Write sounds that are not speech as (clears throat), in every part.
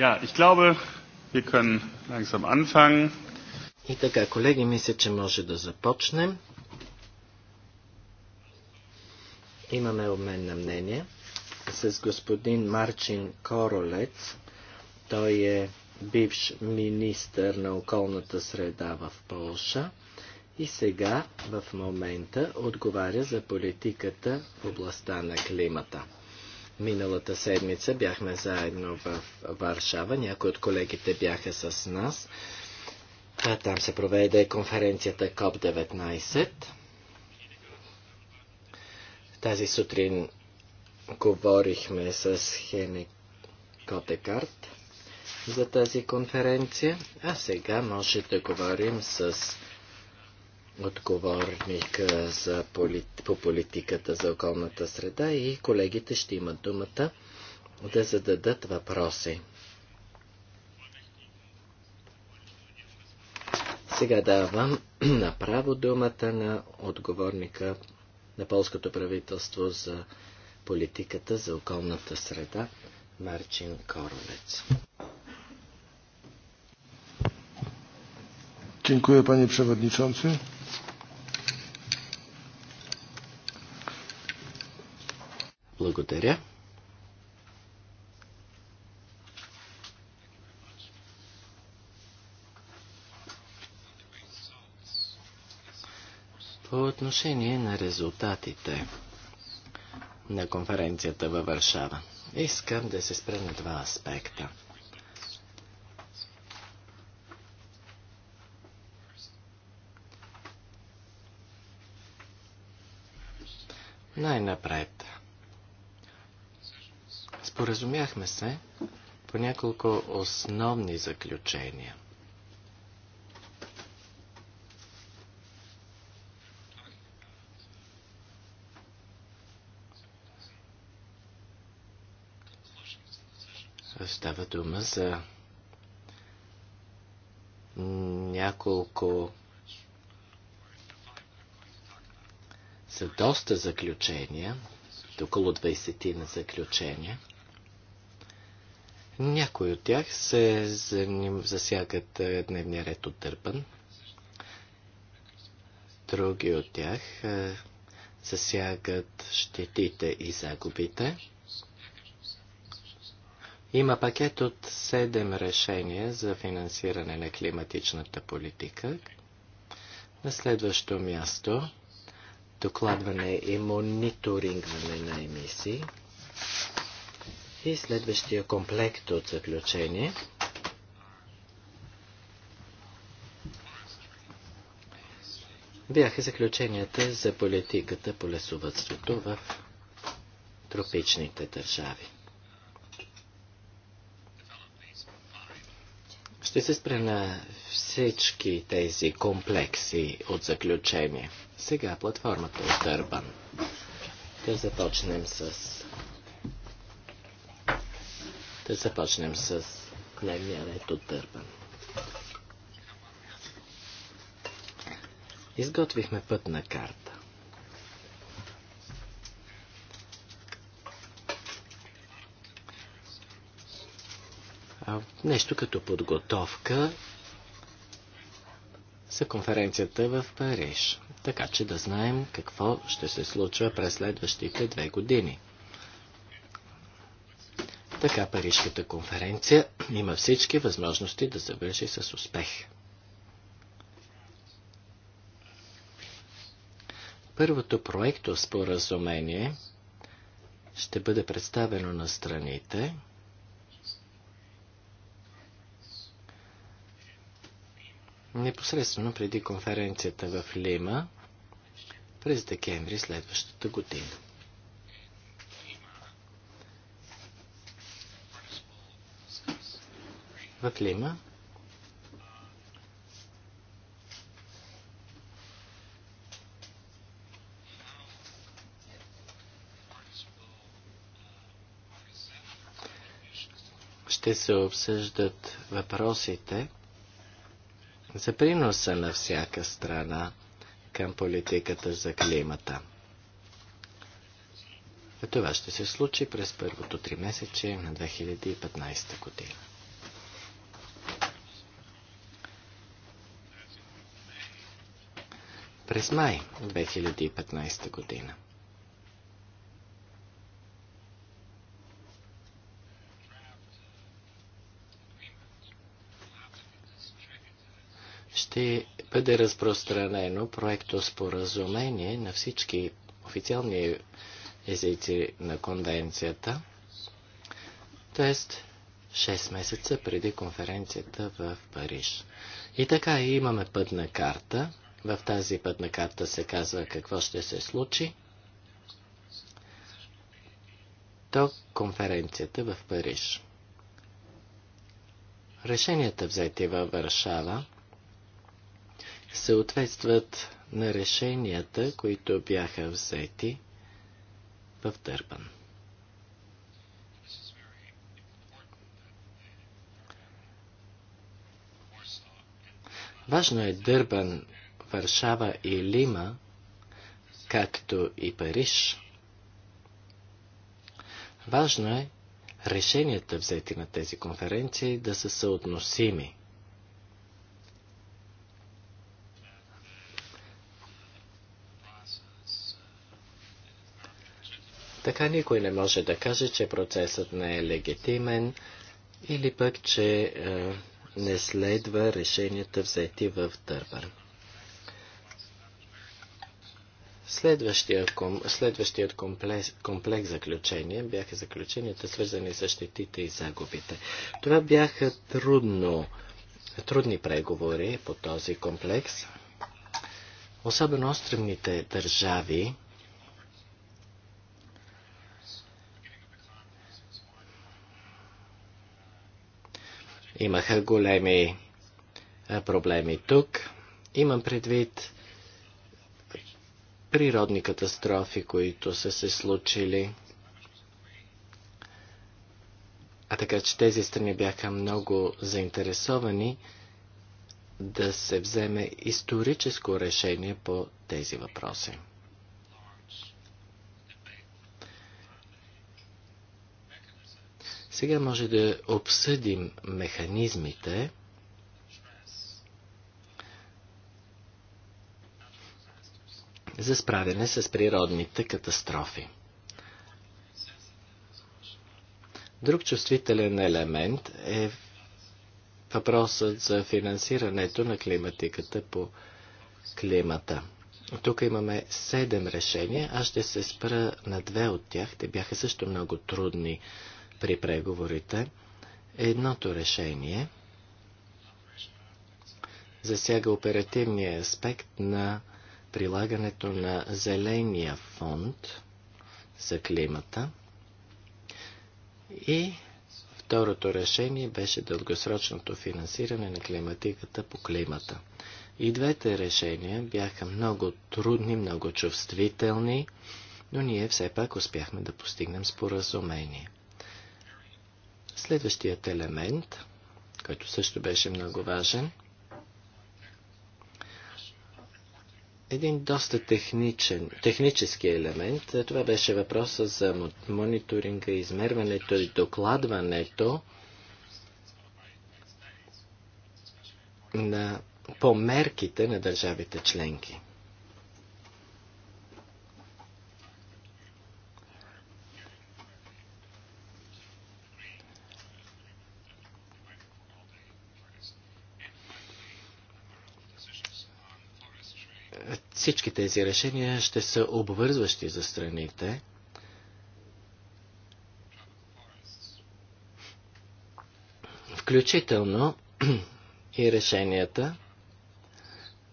Ja, ich glaube, wir können langsam anfangen. И така, колеги, мисля, че може да започнем. Имаме обмен на мнение с господин Марчин Королец. Той е бивш министър на околната среда в Полша и сега в момента отговаря за политиката в областта на климата. Миналата седмица бяхме заедно в Варшава. Някои от колегите бяха с нас. А там се проведе конференцията КОП-19. Тази сутрин говорихме с Хене Котекарт за тази конференция, а сега може да говорим с отговорник за полит... по политиката за околната среда и колегите ще имат думата да зададат въпроси. Сега давам (clears throat) направо думата на отговорника на полското правителство за политиката за околната среда Марчин Королец. Dziękuję panie przewodniczący. Благодаря. По отношение на резултатите на конференцията във Варшава, искам да се спра на два аспекта. Най-напред Споразумяхме се по няколко основни заключения. Става дума за няколко за доста заключения, около 20 на заключения. Някои от тях се засягат е, дневния ред от Дърбан. Други от тях е, засягат щетите и загубите. Има пакет от 7 решения за финансиране на климатичната политика. На следващо място докладване и мониторингване на емисии. И следващия комплект от заключение. Бяха заключенията за политиката по лесовътството в тропичните държави. Ще се спре на всички тези комплекси от заключение. Сега платформата е Дърбан. Да започнем с да започнем с дневния ред от Дърбан. Изготвихме пътна карта. А нещо като подготовка за конференцията в Париж, така че да знаем какво ще се случва през следващите две години – така Парижката конференция има всички възможности да завърши с успех. Първото проекто споразумение ще бъде представено на страните непосредствено преди конференцията в Лима през декември следващата година. в Ще се обсъждат въпросите за приноса на всяка страна към политиката за климата. Това ще се случи през първото три месече на 2015 година. през май 2015 година. Ще бъде разпространено проекто споразумение на всички официални езици на конвенцията, т.е. 6 месеца преди конференцията в Париж. И така имаме пътна карта, в тази пътна карта се казва какво ще се случи То конференцията в Париж. Решенията взети във Варшава съответстват на решенията, които бяха взети в Дърбан. Важно е Дърбан Варшава и Лима, както и Париж. Важно е решенията взети на тези конференции да са съотносими. Така никой не може да каже, че процесът не е легитимен или пък, че е, не следва решенията взети в Търбърн. Следващия, ком, следващият комплекс, комплекс заключения бяха заключенията, свързани с щетите и загубите. Това бяха трудно, трудни преговори по този комплекс. Особено островните държави имаха големи проблеми тук. Имам предвид природни катастрофи, които са се случили. А така че тези страни бяха много заинтересовани да се вземе историческо решение по тези въпроси. Сега може да обсъдим механизмите, за справяне с природните катастрофи. Друг чувствителен елемент е въпросът за финансирането на климатиката по климата. Тук имаме седем решения. Аз ще се спра на две от тях. Те бяха също много трудни при преговорите. Едното решение засяга оперативния аспект на прилагането на зеления фонд за климата. И второто решение беше дългосрочното финансиране на климатиката по климата. И двете решения бяха много трудни, много чувствителни, но ние все пак успяхме да постигнем споразумение. Следващият елемент, който също беше много важен – един доста техничен, технически елемент. Това беше въпроса за мониторинга, измерването и докладването на померките на държавите членки. Всички тези решения ще са обвързващи за страните. Включително (clears throat) и решенията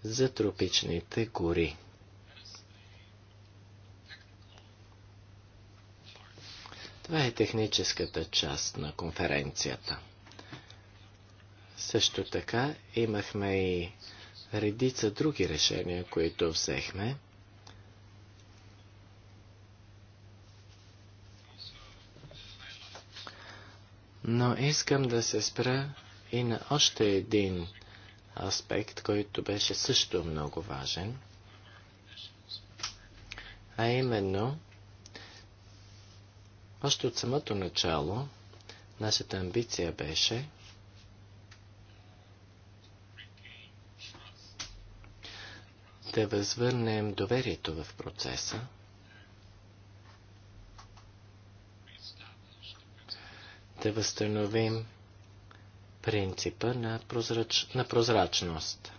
за тропичните гори. Това е техническата част на конференцията. Също така имахме и редица други решения, които взехме. Но искам да се спра и на още един аспект, който беше също много важен, а именно, още от самото начало, нашата амбиция беше да възвърнем доверието в процеса, да възстановим принципа на, прозрач... на прозрачност.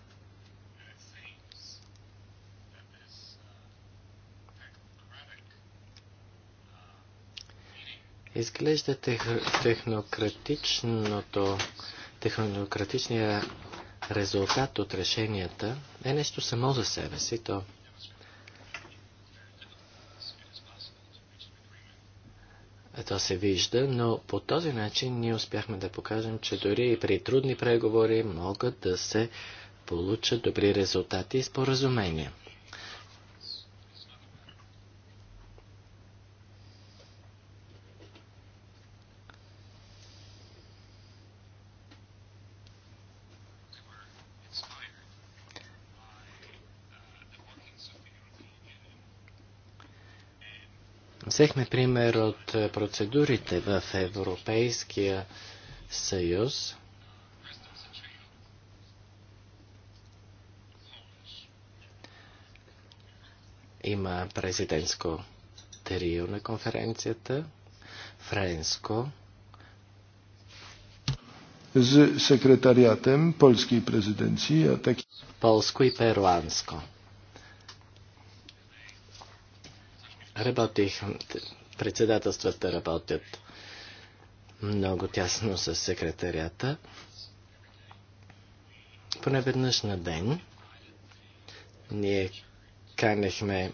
Изглежда тех... технократичното технократичния резултат от решенията е нещо само за себе си. То Ето се вижда, но по този начин ние успяхме да покажем, че дори и при трудни преговори могат да се получат добри резултати и споразумения. Взехме пример от е, процедурите в Европейския съюз. Има президентско трио на конференцията, френско, z sekretariatem polskiej prezydencji, a tak... Polsko i peruansko. Работих, председателствата работят много тясно с секретарията. Поне веднъж на ден ние канехме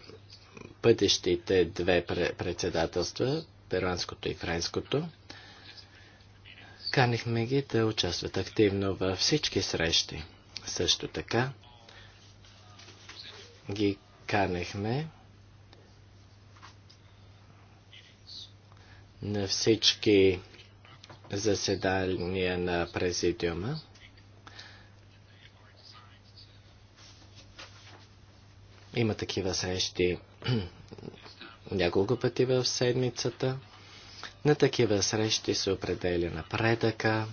пътещите две председателства, перуанското и френското. Канехме ги да участват активно във всички срещи. Също така ги канехме на всички заседания на президиума. Има такива срещи (clears throat) няколко пъти в седмицата. На такива срещи се определя напредъка,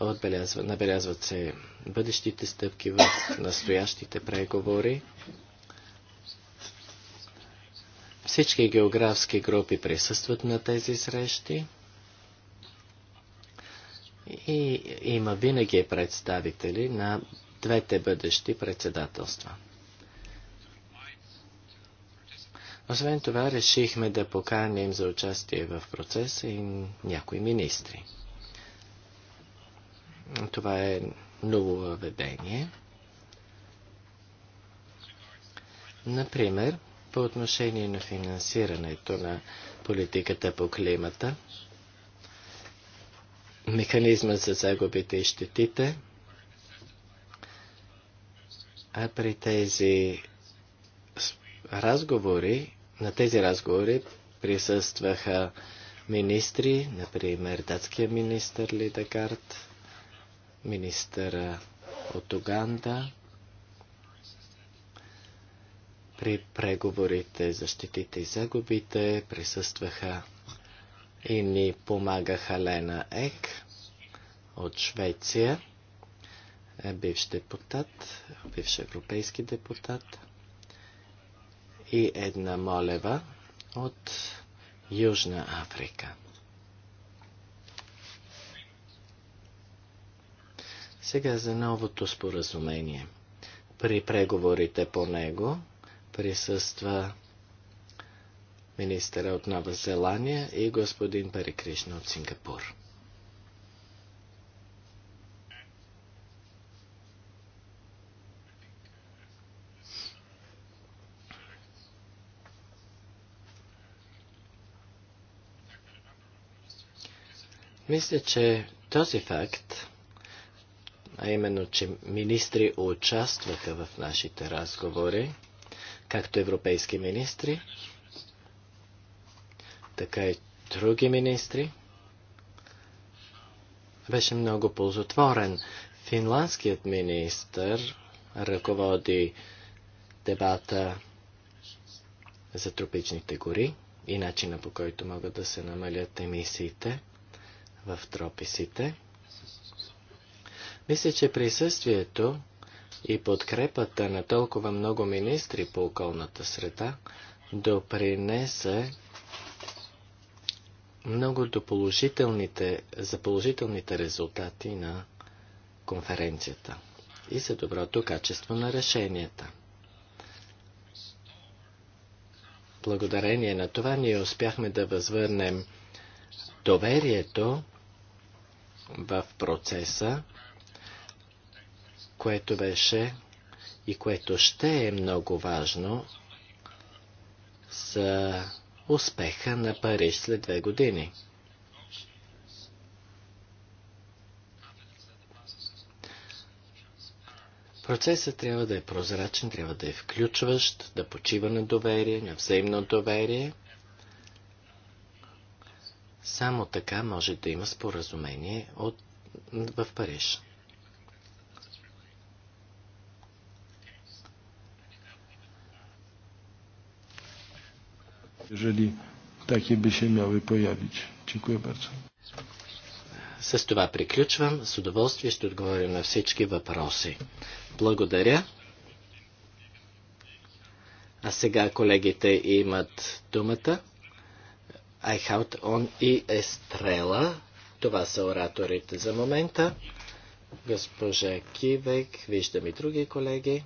отбелязва, набелязват се бъдещите стъпки в настоящите преговори. Всички географски групи присъстват на тези срещи и има винаги представители на двете бъдещи председателства. Освен това, решихме да поканим за участие в процеса и някои министри. Това е ново въведение. Например, по отношение на финансирането на политиката по климата, механизма за загубите и щетите, а при тези разговори, на тези разговори присъстваха министри, например датския министр Лидагард, министъра от Уганда, при преговорите за щетите и загубите присъстваха и ни помагаха Лена Ек от Швеция, е бивш депутат, бивш европейски депутат и една Молева от Южна Африка. Сега за новото споразумение. При преговорите по него присъства министъра от Нова Зеландия и господин Парикришна от Сингапур. Мисля, че този факт, а именно, че министри участваха в нашите разговори, както европейски министри, така и други министри. Беше много ползотворен. Финландският министр ръководи дебата за тропичните гори и начина по който могат да се намалят емисиите в трописите. Мисля, че присъствието и подкрепата на толкова много министри по околната среда допринесе много до положителните, за положителните резултати на конференцията и за доброто качество на решенията. Благодарение на това ние успяхме да възвърнем доверието в процеса което беше и което ще е много важно за успеха на Париж след две години. Процесът трябва да е прозрачен, трябва да е включващ, да почива на доверие, на взаимно доверие. Само така може да има споразумение от... в Париж. Jeżeli takie by się miały pojawić. Dziękuję bardzo. С това приключвам. С удоволствие ще отговоря на всички въпроси. Благодаря. А сега колегите имат думата. Айхаут Он и Естрела. Това са ораторите за момента. Госпожа Кивек, виждам и други колеги.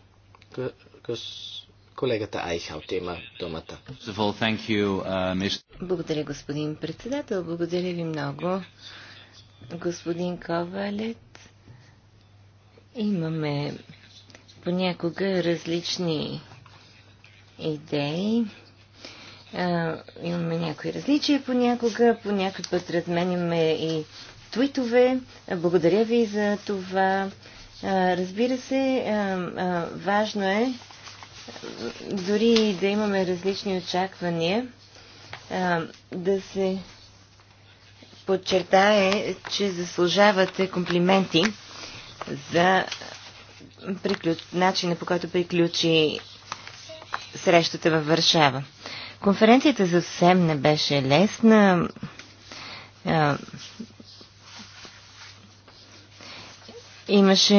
Гос... Колегата Айхалт има думата. Uh, Благодаря, господин председател. Благодаря ви много. Господин Ковалет, имаме понякога различни идеи. А, имаме някои различия понякога, по път разменяме и твитове. Благодаря ви за това. А, разбира се, а, а, важно е дори да имаме различни очаквания, да се подчертае, че заслужавате комплименти за приключ... начина по който приключи срещата във Варшава. Конференцията съвсем не беше лесна. Имаше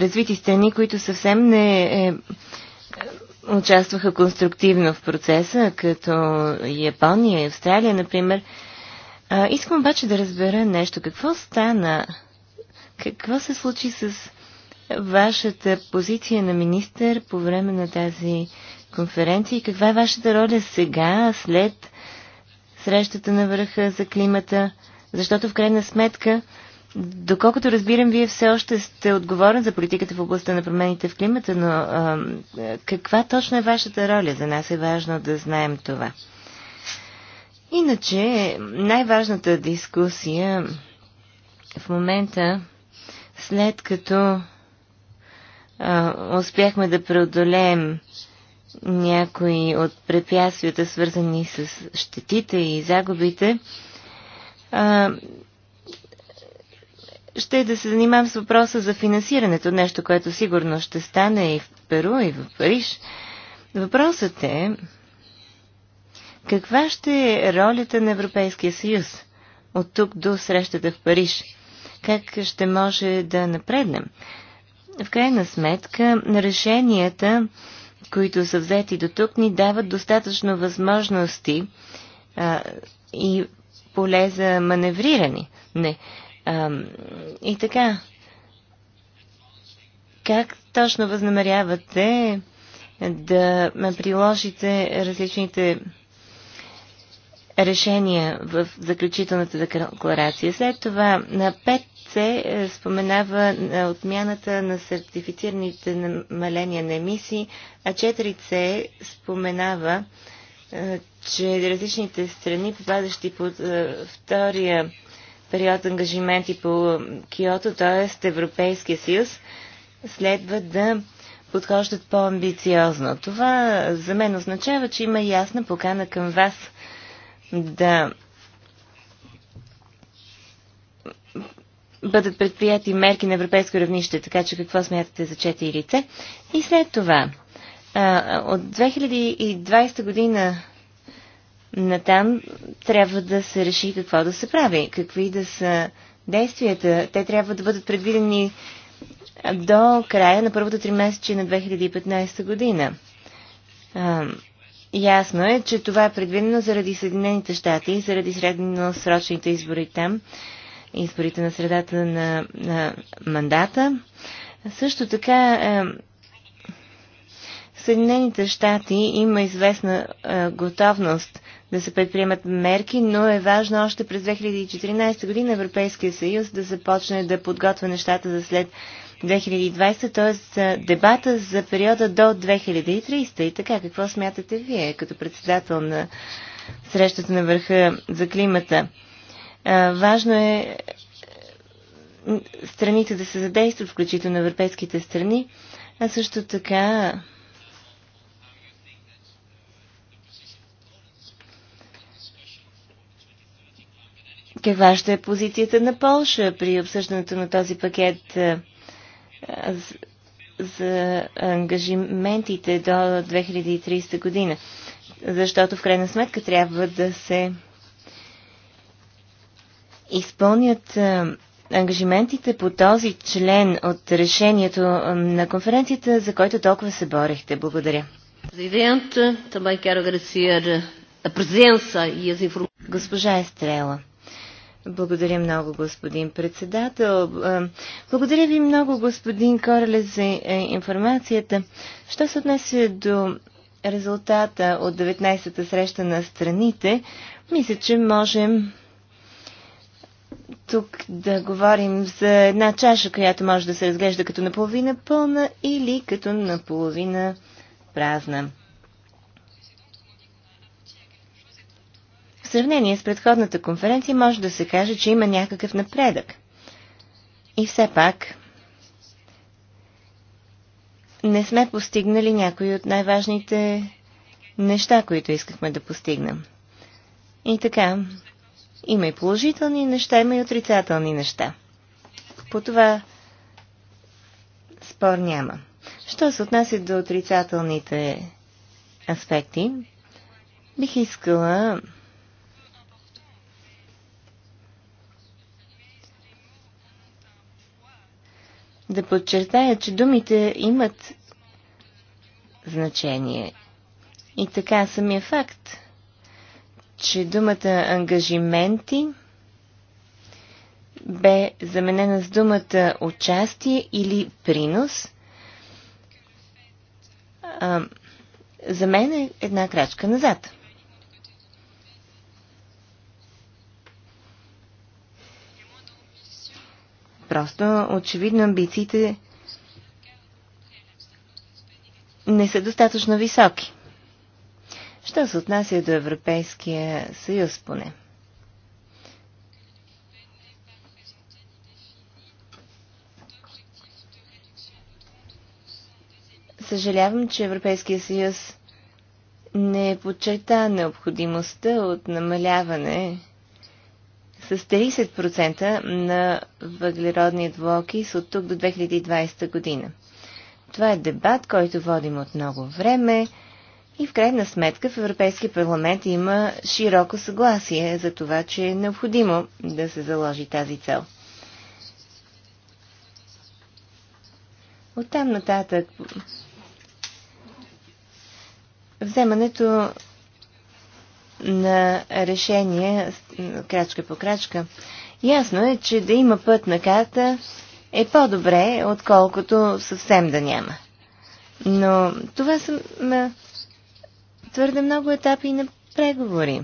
развити страни, които съвсем не е, участваха конструктивно в процеса, като Япония и Австралия, например. А, искам обаче да разбера нещо. Какво стана? Какво се случи с вашата позиция на министър по време на тази конференция и каква е вашата роля сега, след срещата на върха за климата? Защото в крайна сметка Доколкото разбирам, вие все още сте отговорен за политиката в областта на промените в климата, но а, каква точно е вашата роля? За нас е важно да знаем това. Иначе, най-важната дискусия в момента, след като а, успяхме да преодолеем някои от препятствията, свързани с щетите и загубите, а, ще е да се занимавам с въпроса за финансирането, нещо, което сигурно ще стане и в Перу, и в Париж. Въпросът е каква ще е ролята на Европейския съюз от тук до срещата в Париж? Как ще може да напреднем? В крайна сметка, решенията, които са взети до тук, ни дават достатъчно възможности а, и поле за маневриране. Не. А, и така, как точно възнамерявате да приложите различните решения в заключителната декларация. След това на 5 се е, споменава е, отмяната на сертифицираните намаления на емисии, а 4C споменава, е, че различните страни, попадащи под втория период ангажименти по Киото, т.е. Европейския съюз, следва да подхождат по-амбициозно. Това за мен означава, че има ясна покана към вас да бъдат предприяти мерки на европейско равнище, така че какво смятате за четирите? лице. И след това, от 2020 година Натам трябва да се реши какво да се прави, какви да са действията. Те трябва да бъдат предвидени до края на първото три месече на 2015 година. А, ясно е, че това е предвидено заради Съединените щати заради средносрочните избори там, изборите на средата на, на мандата. Също така е, Съединените щати има известна е, готовност да се предприемат мерки, но е важно още през 2014 година Европейския съюз да започне да подготвя нещата за след 2020, т.е. дебата за периода до 2030. И така, какво смятате вие като председател на срещата на върха за климата? Важно е страните да се задействат, включително европейските страни, а също така каква ще е позицията на Полша при обсъждането на този пакет за ангажиментите до 2030 година. Защото в крайна сметка трябва да се изпълнят ангажиментите по този член от решението на конференцията, за който толкова се борехте. Благодаря. E Госпожа Естрела. Благодаря много, господин председател. Благодаря ви много, господин Кореле, за е, информацията. Що се отнесе до резултата от 19-та среща на страните, мисля, че можем тук да говорим за една чаша, която може да се разглежда като наполовина пълна или като наполовина празна. сравнение с предходната конференция може да се каже, че има някакъв напредък. И все пак не сме постигнали някои от най-важните неща, които искахме да постигнем. И така, има и положителни неща, има и отрицателни неща. По това спор няма. Що се отнася до отрицателните аспекти, бих искала да подчертая, че думите имат значение. И така самия факт, че думата ангажименти бе заменена с думата участие или принос, а, за мен е една крачка назад. Просто очевидно амбициите не са достатъчно високи. Що се отнася до Европейския съюз поне? Съжалявам, че Европейския съюз не подчерта необходимостта от намаляване с 30% на въглеродния двуокис от тук до 2020 година. Това е дебат, който водим от много време и в крайна сметка в Европейския парламент има широко съгласие за това, че е необходимо да се заложи тази цел. Оттам нататък вземането на решения крачка по крачка. Ясно е, че да има път на карта е по-добре, отколкото съвсем да няма. Но това са твърде много етапи на преговори.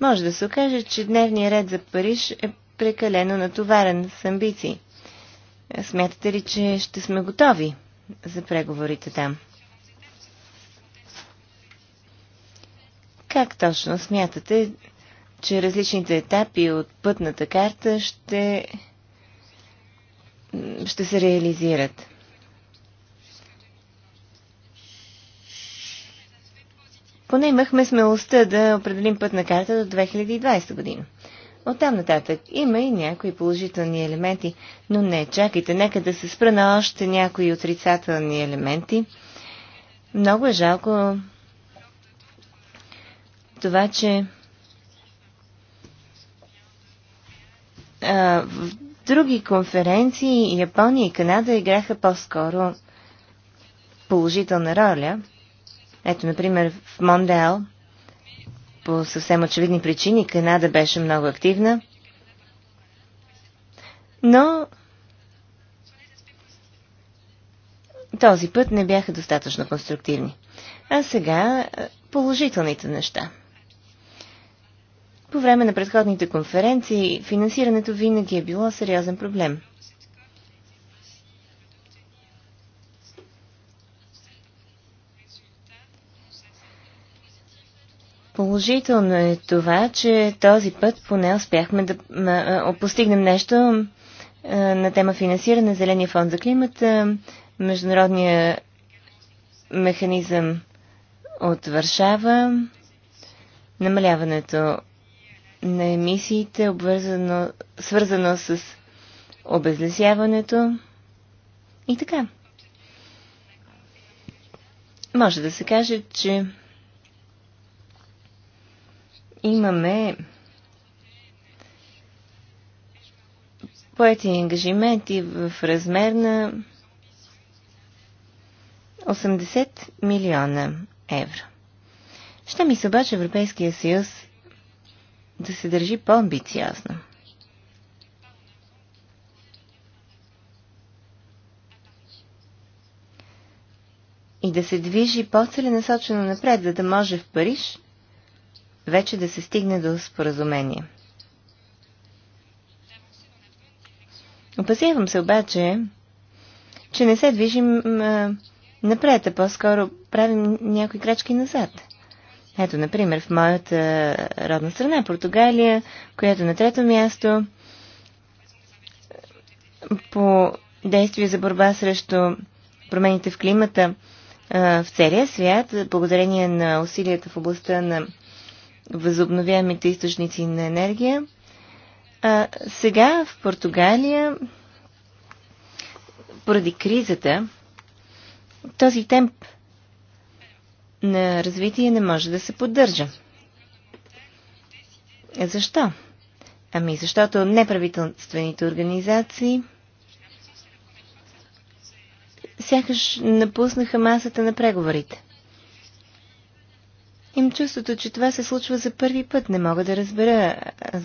Може да се окаже, че дневният ред за Париж е прекалено натоварен с амбиции. Смятате ли, че ще сме готови за преговорите там? Как точно смятате, че различните етапи от пътната карта ще, ще се реализират? Поне имахме смелостта да определим пътна карта до 2020 година. Оттам нататък има и някои положителни елементи, но не, чакайте, нека да се спра на още някои отрицателни елементи. Много е жалко това, че а, в други конференции Япония и Канада играха по-скоро положителна роля – ето, например, в Мондеал, по съвсем очевидни причини, Канада беше много активна, но този път не бяха достатъчно конструктивни. А сега е, положителните неща. По време на предходните конференции финансирането винаги е било сериозен проблем – Положително е това, че този път поне успяхме да постигнем нещо на тема финансиране, Зеления фонд за климата, Международния механизъм от Варшава, намаляването на емисиите, обвързано, свързано с обезлесяването и така. Може да се каже, че имаме поети ангажименти в размер на 80 милиона евро. Ще ми се обаче Европейския съюз да се държи по-амбициозно. И да се движи по-целенасочено напред, за да може в Париж вече да се стигне до споразумение. Опасявам се обаче, че не се движим а, напред, а по-скоро правим някои крачки назад. Ето, например, в моята родна страна, Португалия, която на трето място по действие за борба срещу промените в климата а, в целия свят, благодарение на усилията в областта на възобновяемите източници на енергия. А, сега в Португалия, поради кризата, този темп на развитие не може да се поддържа. Защо? Ами защото неправителствените организации сякаш напуснаха масата на преговорите им чувството, че това се случва за първи път. Не мога да разбера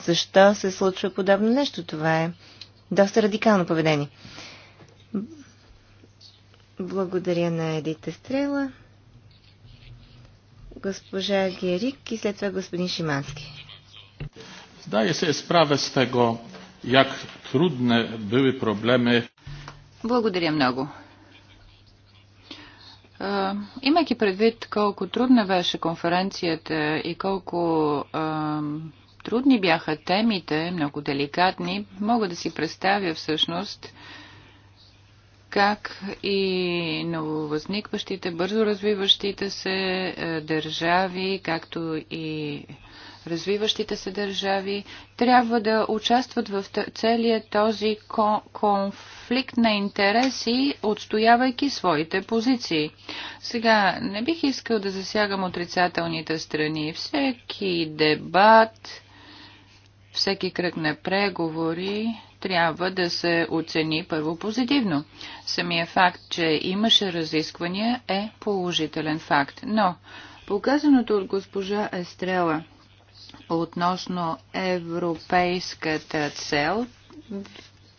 защо се случва подобно нещо. Това е доста радикално поведение. Благодаря на Едите Стрела, госпожа Герик и след това господин Шимански. Zdaję се sprawę с тего, як trudne били проблеми. Благодаря много. Имайки предвид колко трудна беше конференцията и колко трудни бяха темите, много деликатни, мога да си представя всъщност как и нововъзникващите, бързо развиващите се държави, както и развиващите се държави, трябва да участват в целия този конфликт на интереси, отстоявайки своите позиции. Сега, не бих искал да засягам отрицателните страни. Всеки дебат, всеки кръг на преговори трябва да се оцени първо позитивно. Самия факт, че имаше разисквания е положителен факт. Но, показаното от госпожа Естрела, относно европейската цел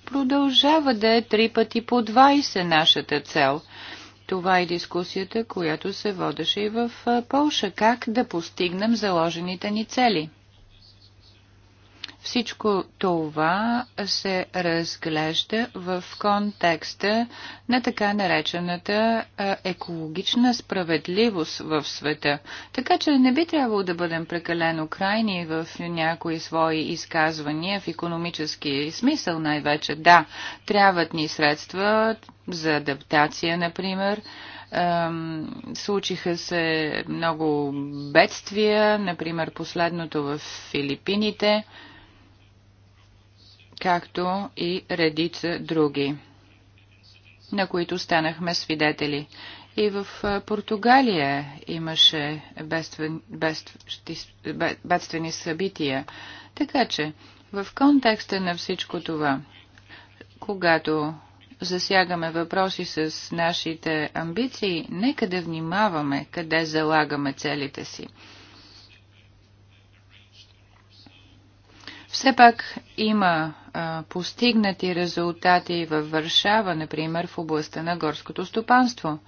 продължава да е три пъти по 20 нашата цел. Това е дискусията, която се водеше и в Полша. Как да постигнем заложените ни цели? Всичко това се разглежда в контекста на така наречената екологична справедливост в света. Така че не би трябвало да бъдем прекалено крайни в някои свои изказвания в економически смисъл най-вече. Да, трябват ни средства за адаптация, например, случиха се много бедствия, например последното в Филипините както и редица други, на които станахме свидетели. И в Португалия имаше бедствен, бедствени събития. Така че, в контекста на всичко това, когато засягаме въпроси с нашите амбиции, нека да внимаваме къде залагаме целите си. Все пак има а, постигнати резултати във Варшава, например, в областта на горското стопанство.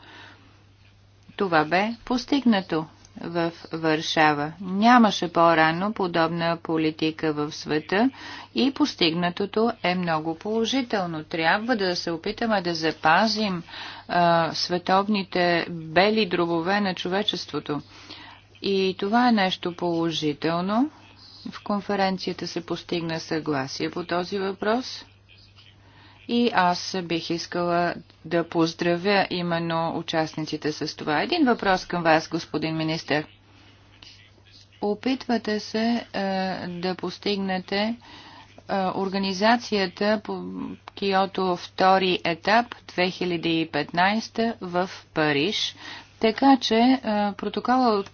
Това бе постигнато в Варшава. Нямаше по-рано подобна политика в света и постигнатото е много положително. Трябва да се опитаме да запазим а, световните бели дробове на човечеството. И това е нещо положително в конференцията се постигна съгласие по този въпрос. И аз бих искала да поздравя именно участниците с това. Един въпрос към вас, господин министр. Опитвате се е, да постигнете е, организацията по Киото втори етап 2015 в Париж, така че е, протокола от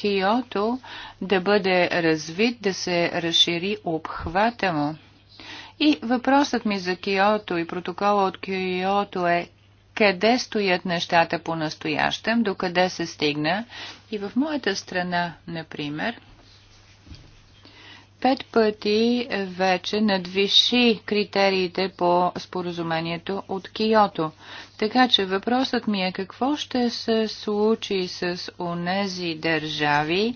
Киото да бъде развит, да се разшири обхвата му. И въпросът ми за Киото и протокола от Киото е къде стоят нещата по-настоящем, докъде се стигна. И в моята страна, например, пет пъти вече надвиши критериите по споразумението от Киото. Така че въпросът ми е какво ще се случи с онези държави,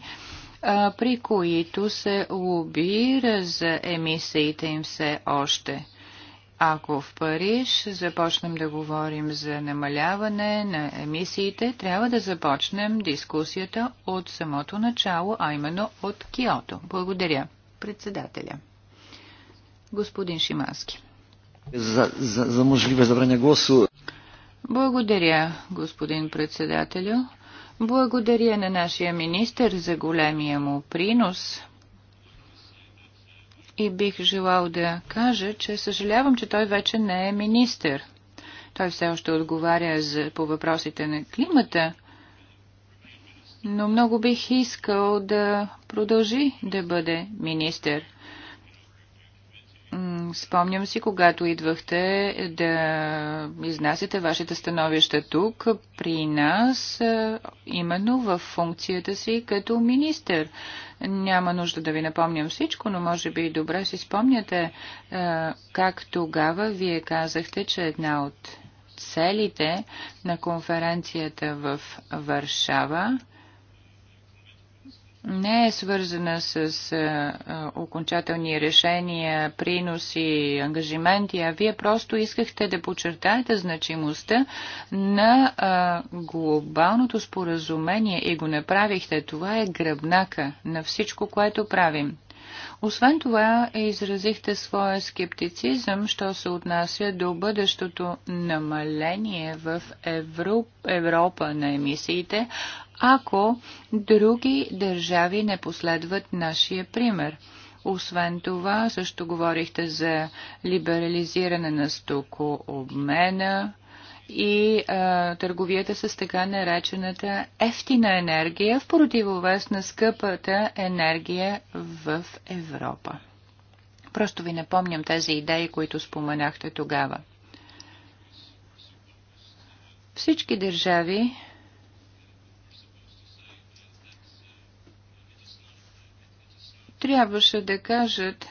при които се лобира за емисиите им все още. Ако в Париж започнем да говорим за намаляване на емисиите, трябва да започнем дискусията от самото начало, а именно от Киото. Благодаря председателя. Господин Шимански. За, за, за можливе забране гласу. Благодаря, господин председателю. Благодаря на нашия министр за големия му принос. И бих желал да кажа, че съжалявам, че той вече не е министр. Той все още отговаря за, по въпросите на климата, но много бих искал да продължи да бъде министър. Спомням си, когато идвахте да изнасяте вашите становища тук, при нас, именно в функцията си като министър. Няма нужда да ви напомням всичко, но може би добре си спомняте как тогава вие казахте, че една от целите на конференцията в Варшава не е свързана с а, а, окончателни решения, приноси, ангажименти, а вие просто искахте да подчертаете значимостта на а, глобалното споразумение и го направихте. Това е гръбнака на всичко, което правим. Освен това, изразихте своя скептицизъм, що се отнася до бъдещото намаление в Европа на емисиите, ако други държави не последват нашия пример. Освен това, също говорихте за либерализиране на стокообмена и а, търговията с така наречената ефтина енергия в противовес на скъпата енергия в Европа. Просто ви напомням тези идеи, които споменахте тогава. Всички държави трябваше да кажат,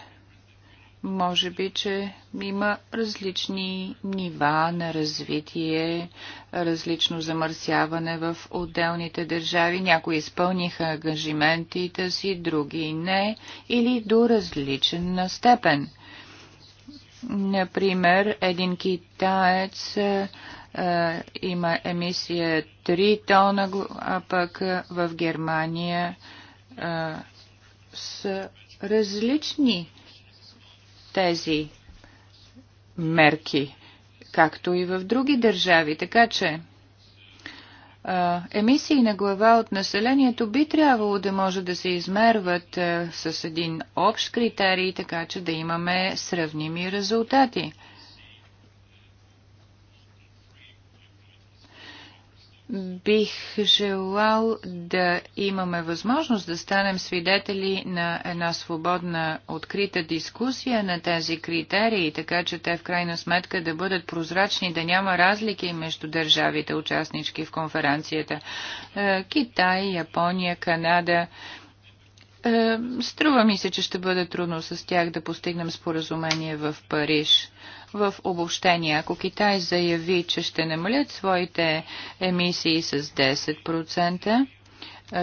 може би, че има различни нива на развитие, различно замърсяване в отделните държави. Някои изпълниха ангажиментите си, други не, или до различен степен. Например, един китаец е, е има емисия 3 тона, а пък е, в Германия е, са различни тези мерки, както и в други държави. Така че емисии на глава от населението би трябвало да може да се измерват с един общ критерий, така че да имаме сравними резултати. Бих желал да имаме възможност да станем свидетели на една свободна, открита дискусия на тези критерии, така че те в крайна сметка да бъдат прозрачни, да няма разлики между държавите, участнички в конференцията. Е, Китай, Япония, Канада. Е, струва ми се, че ще бъде трудно с тях да постигнем споразумение в Париж. В обобщение, ако Китай заяви, че ще намалят своите емисии с 10%,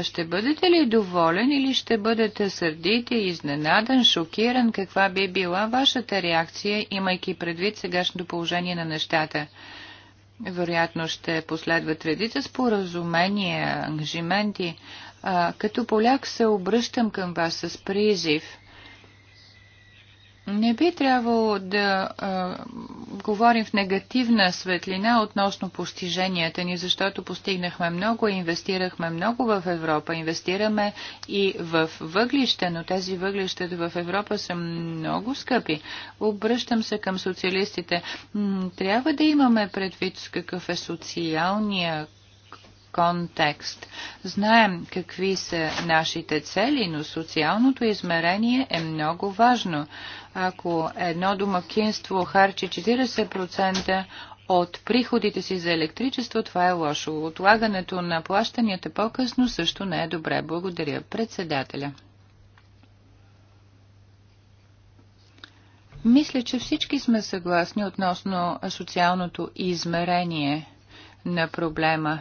ще бъдете ли доволен или ще бъдете сърдит и изненадан, шокиран? Каква би била вашата реакция, имайки предвид сегашното положение на нещата? Вероятно ще последват редица споразумения, ангажименти. А, като поляк се обръщам към вас с призив – не би трябвало да а, говорим в негативна светлина относно постиженията ни, защото постигнахме много, инвестирахме много в Европа, инвестираме и в въглища, но тези въглища в Европа са много скъпи. Обръщам се към социалистите. Трябва да имаме предвид какъв е социалния контекст. Знаем какви са нашите цели, но социалното измерение е много важно. Ако едно домакинство харчи 40% от приходите си за електричество, това е лошо. Отлагането на плащанията по-късно също не е добре. Благодаря председателя. Мисля, че всички сме съгласни относно социалното измерение на проблема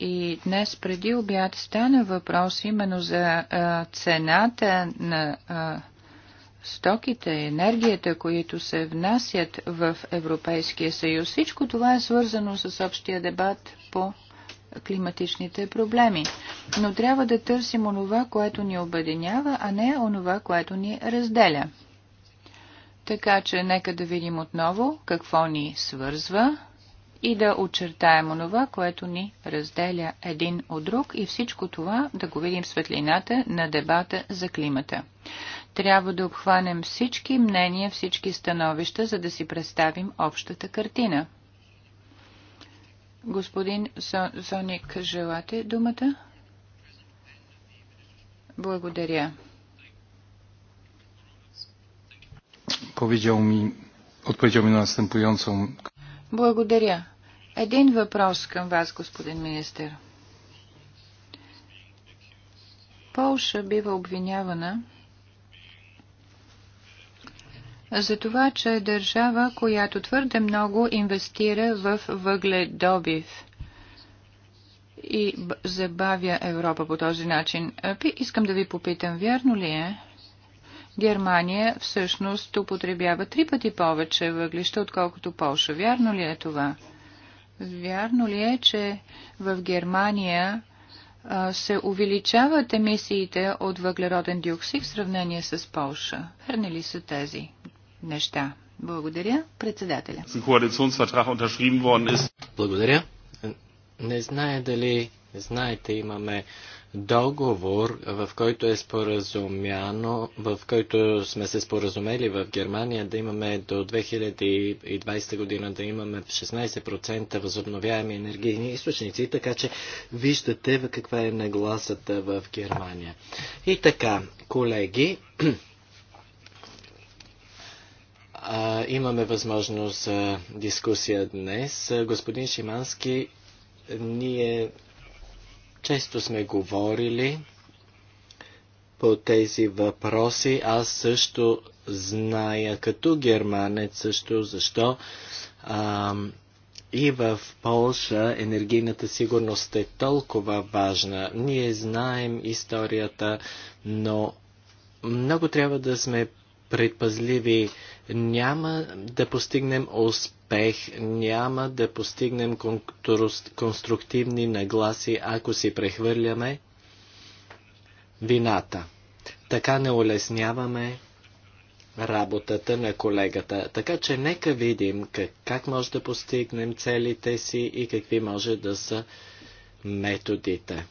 и днес преди обяд стана въпрос именно за а, цената на а, стоките, енергията, които се внасят в Европейския съюз. Всичко това е свързано с общия дебат по климатичните проблеми. Но трябва да търсим онова, което ни обединява, а не онова, което ни разделя. Така че нека да видим отново какво ни свързва и да очертаем онова, което ни разделя един от друг и всичко това да го видим в светлината на дебата за климата. Трябва да обхванем всички мнения, всички становища, за да си представим общата картина. Господин Соник, желате думата? Благодаря. Powiedział mi, odpowiedział mi na następującą благодаря. Един въпрос към вас, господин министр. Полша бива обвинявана за това, че е държава, която твърде много инвестира в въгледобив и забавя Европа по този начин. Искам да ви попитам, вярно ли е, Германия всъщност употребява три пъти повече въглища, отколкото Полша. Вярно ли е това? Вярно ли е, че в Германия се увеличават емисиите от въглероден диоксид в сравнение с Полша. Верни ли са тези неща? Благодаря, председателя. Благодаря. Не знае дали Знаете, имаме договор, в който е споразумяно, в който сме се споразумели в Германия да имаме до 2020 година да имаме 16% възобновяеми енергийни източници, така че виждате каква е нагласата в Германия. И така, колеги, а, имаме възможност за дискусия днес. Господин Шимански, ние често сме говорили по тези въпроси. Аз също зная като германец също защо а, и в Полша енергийната сигурност е толкова важна. Ние знаем историята, но много трябва да сме предпазливи. Няма да постигнем успех успех няма да постигнем конструктивни нагласи, ако си прехвърляме вината. Така не улесняваме работата на колегата. Така че нека видим как, как може да постигнем целите си и какви може да са методите.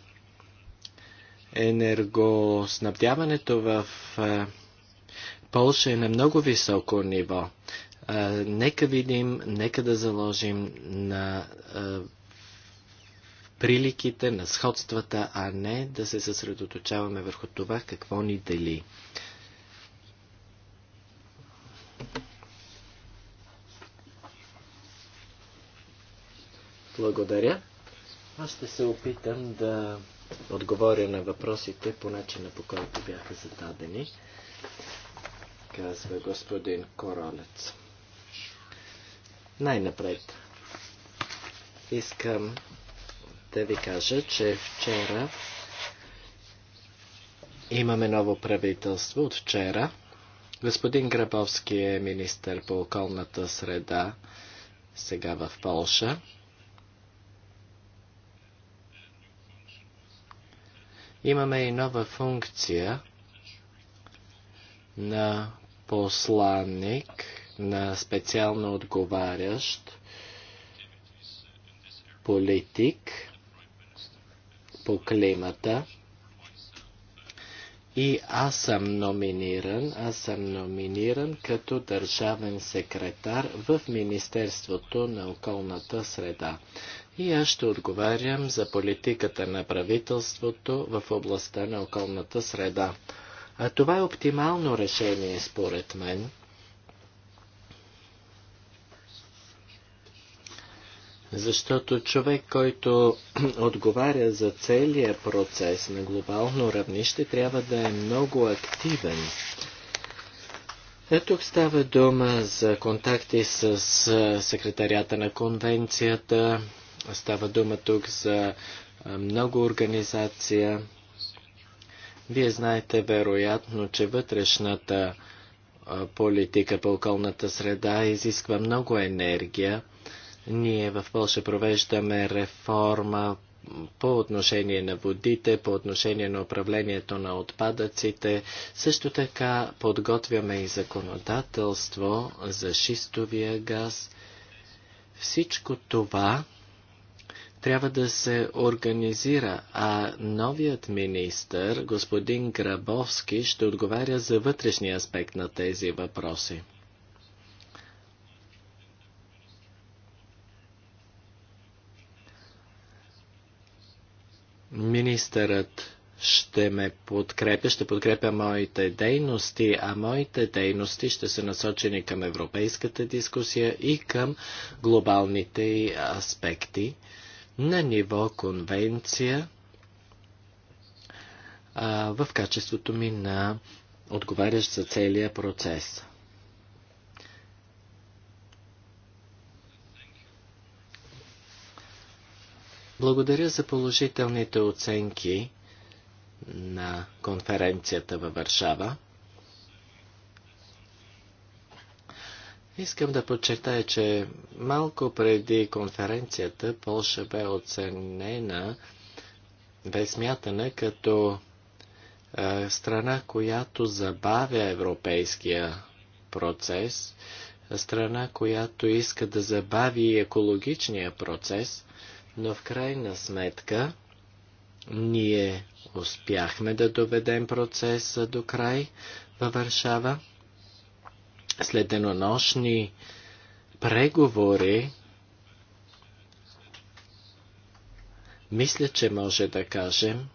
Енергоснабдяването в е, Полша е на много високо ниво нека видим, нека да заложим на приликите, на сходствата, а не да се съсредоточаваме върху това какво ни дели. Благодаря. Аз ще се опитам да отговоря на въпросите по начина по който бяха зададени, казва господин Королец. Най-напред искам да ви кажа, че вчера имаме ново правителство от вчера. Господин Грабовски е министър по околната среда сега в Полша. Имаме и нова функция на посланник на специално отговарящ политик по климата. И аз съм номиниран, аз съм номиниран като държавен секретар в Министерството на околната среда. И аз ще отговарям за политиката на правителството в областта на околната среда. А това е оптимално решение, според мен. Защото човек, който (clears throat) отговаря за целия процес на глобално равнище, трябва да е много активен. Е, тук става дума за контакти с секретарията на конвенцията, става дума тук за много организация. Вие знаете вероятно, че вътрешната политика по околната среда изисква много енергия. Ние в Польша провеждаме реформа по отношение на водите, по отношение на управлението на отпадъците. Също така подготвяме и законодателство за шистовия газ. Всичко това трябва да се организира, а новият министър, господин Грабовски, ще отговаря за вътрешния аспект на тези въпроси. министърът ще ме подкрепя, ще подкрепя моите дейности, а моите дейности ще са насочени към европейската дискусия и към глобалните аспекти на ниво конвенция а, в качеството ми на отговарящ за целия процес. Благодаря за положителните оценки на конференцията във Варшава. Искам да подчертая, че малко преди конференцията Полша бе оценена, бе смятана като е, страна, която забавя европейския процес, страна, която иска да забави екологичния процес но в крайна сметка ние успяхме да доведем процеса до край във Варшава. След денонощни преговори, мисля, че може да кажем,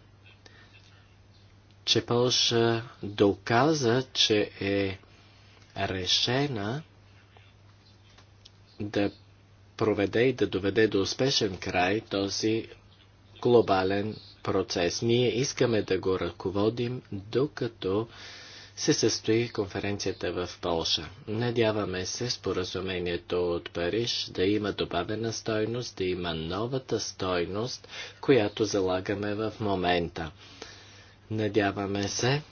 че Пълша доказа, че е решена да проведе и да доведе до успешен край този глобален процес. Ние искаме да го ръководим, докато се състои конференцията в Полша. Надяваме се споразумението от Париж да има добавена стойност, да има новата стойност, която залагаме в момента. Надяваме се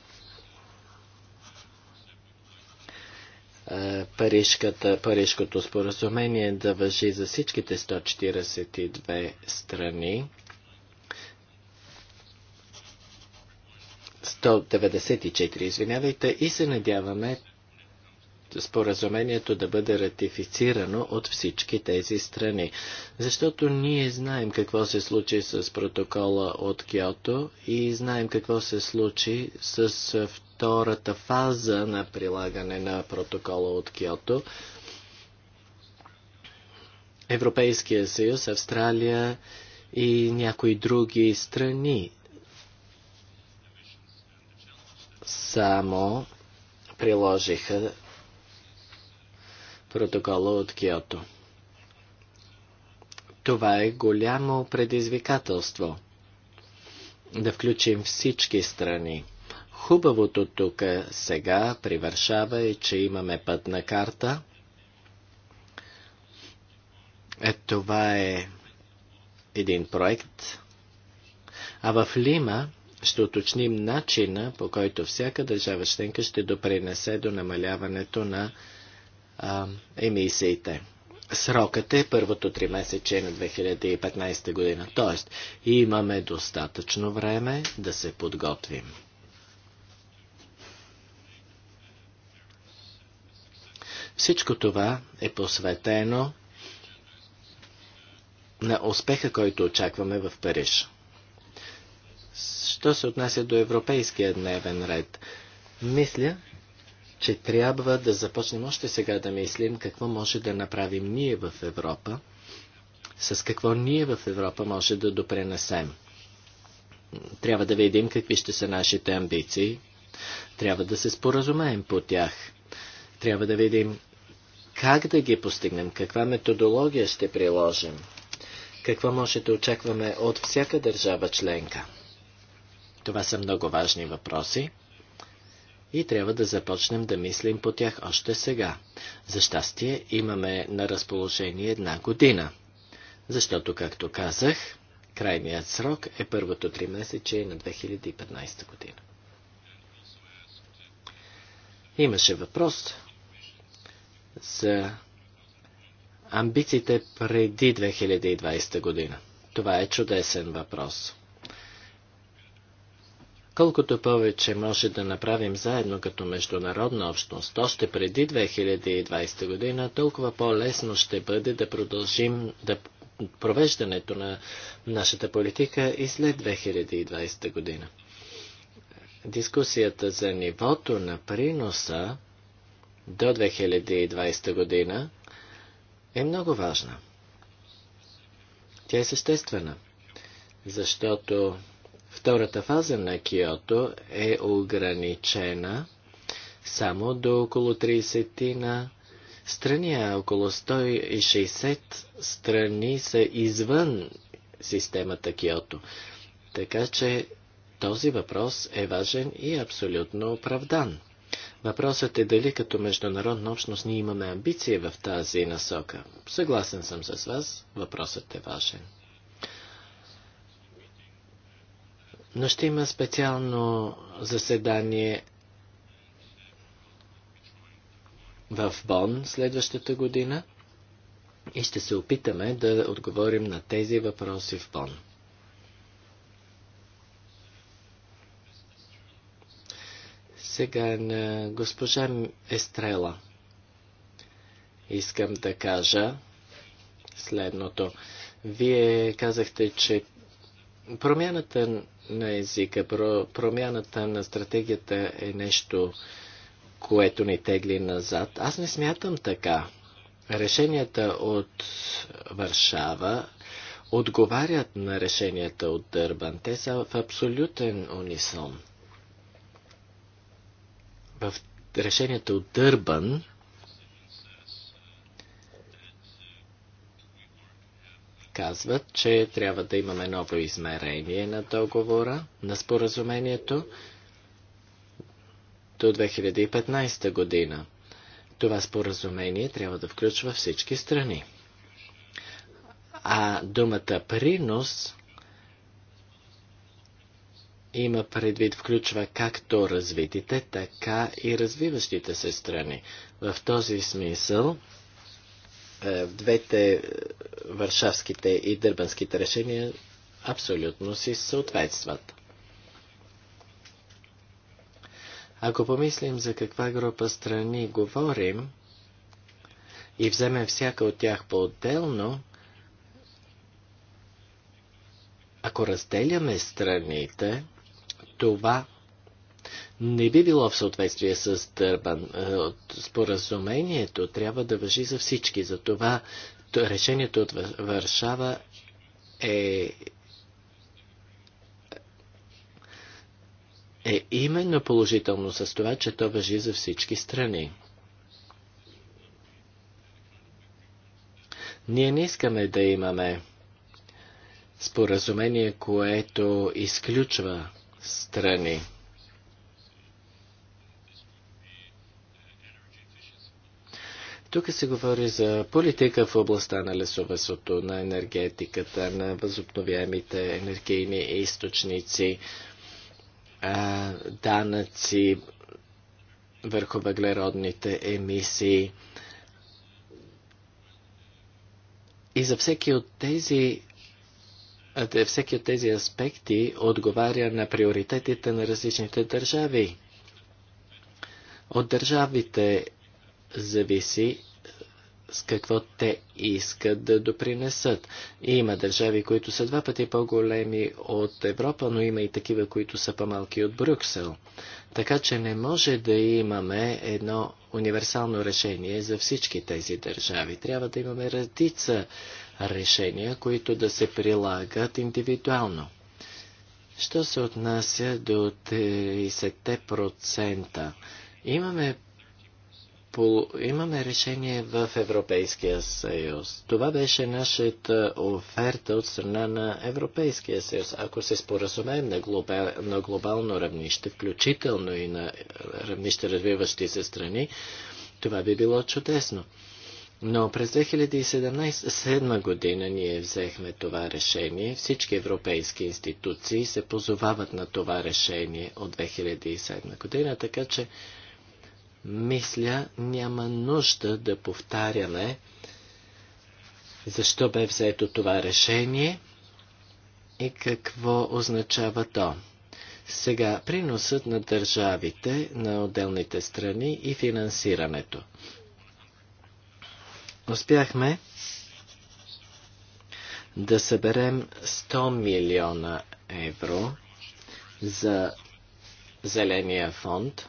Е, Парижкото споразумение да въжи за всичките 142 страни. 194, извинявайте, и се надяваме споразумението да бъде ратифицирано от всички тези страни. Защото ние знаем какво се случи с протокола от Киото и знаем какво се случи с втората фаза на прилагане на протокола от Киото. Европейския съюз, Австралия и някои други страни само приложиха протокола от Киото. Това е голямо предизвикателство да включим всички страни. Хубавото тук сега при Варшава е, че имаме пътна карта. Е, това е един проект. А в Лима ще уточним начина, по който всяка държава членка ще допринесе до намаляването на а, емисиите. Срокът е първото три месече на 2015 година, т.е. имаме достатъчно време да се подготвим. Всичко това е посветено на успеха, който очакваме в Париж. Що се отнася до европейския дневен ред? Мисля, че трябва да започнем още сега да мислим какво може да направим ние в Европа, с какво ние в Европа може да допренесем. Трябва да видим какви ще са нашите амбиции, трябва да се споразумеем по тях, трябва да видим как да ги постигнем? Каква методология ще приложим? Какво може да очакваме от всяка държава членка? Това са много важни въпроси и трябва да започнем да мислим по тях още сега. За щастие имаме на разположение една година, защото, както казах, крайният срок е първото три месече на 2015 година. Имаше въпрос за амбициите преди 2020 година. Това е чудесен въпрос. Колкото повече може да направим заедно като международна общност, още преди 2020 година, толкова по-лесно ще бъде да продължим да провеждането на нашата политика и след 2020 година. Дискусията за нивото на приноса до 2020 година е много важна. Тя е съществена, защото втората фаза на Киото е ограничена само до около 30 на страни, а около 160 страни са извън системата Киото. Така че този въпрос е важен и абсолютно оправдан. Въпросът е дали като международна общност ние имаме амбиции в тази насока. Съгласен съм с вас, въпросът е важен. Но ще има специално заседание в Бон следващата година и ще се опитаме да отговорим на тези въпроси в Бон. Сега на госпожа Естрела искам да кажа следното. Вие казахте, че промяната на езика, промяната на стратегията е нещо, което ни тегли назад. Аз не смятам така. Решенията от Варшава отговарят на решенията от Дърбан. Те са в абсолютен унисон. В решението от Дърбан казват, че трябва да имаме ново измерение на договора, на споразумението до 2015 година. Това споразумение трябва да включва всички страни. А думата принос има предвид, включва както развитите, така и развиващите се страни. В този смисъл, в е, двете е, варшавските и дърбанските решения абсолютно си съответстват. Ако помислим за каква група страни говорим и вземем всяка от тях по-отделно, ако разделяме страните, това не би било в съответствие с Дърбан. Е, споразумението трябва да въжи за всички. За това решението от Варшава е е именно положително с това, че то въжи за всички страни. Ние не искаме да имаме споразумение, което изключва страни. Тук се говори за политика в областта на лесовесото, на енергетиката, на възобновяемите енергийни източници, данъци върху въглеродните емисии. И за всеки от тези всеки от тези аспекти отговаря на приоритетите на различните държави. От държавите зависи с какво те искат да допринесат. Има държави, които са два пъти по-големи от Европа, но има и такива, които са по-малки от Брюксел. Така че не може да имаме едно универсално решение за всички тези държави. Трябва да имаме редица решения, които да се прилагат индивидуално. Що се отнася до 30%? Имаме, пол... имаме решение в Европейския съюз. Това беше нашата оферта от страна на Европейския съюз. Ако се споразумеем на, глобал... на глобално равнище, включително и на равнище развиващи се страни, това би било чудесно. Но през 2017 година ние взехме това решение. Всички европейски институции се позовават на това решение от 2007 година, така че мисля, няма нужда да повтаряме защо бе взето това решение и какво означава то. Сега приносът на държавите, на отделните страни и финансирането. Успяхме да съберем 100 милиона евро за Зеления фонд.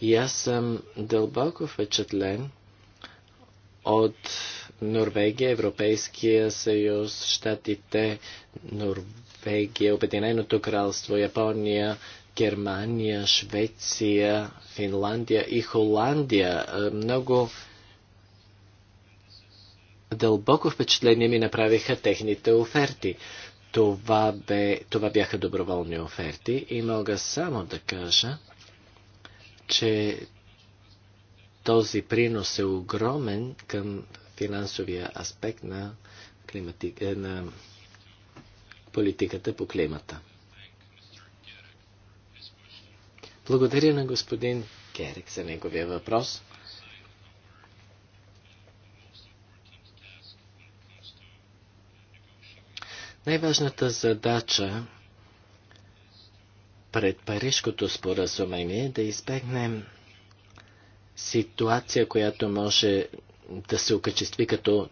И аз съм дълбоко впечатлен от Норвегия, Европейския съюз, Штатите, Норвегия, Обединеното кралство, Япония, Германия, Швеция, Финландия и Холандия. Много Дълбоко впечатление ми направиха техните оферти. Това, бе, това бяха доброволни оферти и мога само да кажа, че този принос е огромен към финансовия аспект на, климати... Е, на политиката по климата. Благодаря на господин Керек за неговия въпрос. Най-важната задача пред Парижкото споразумение е да избегнем ситуация, която може да се окачестви като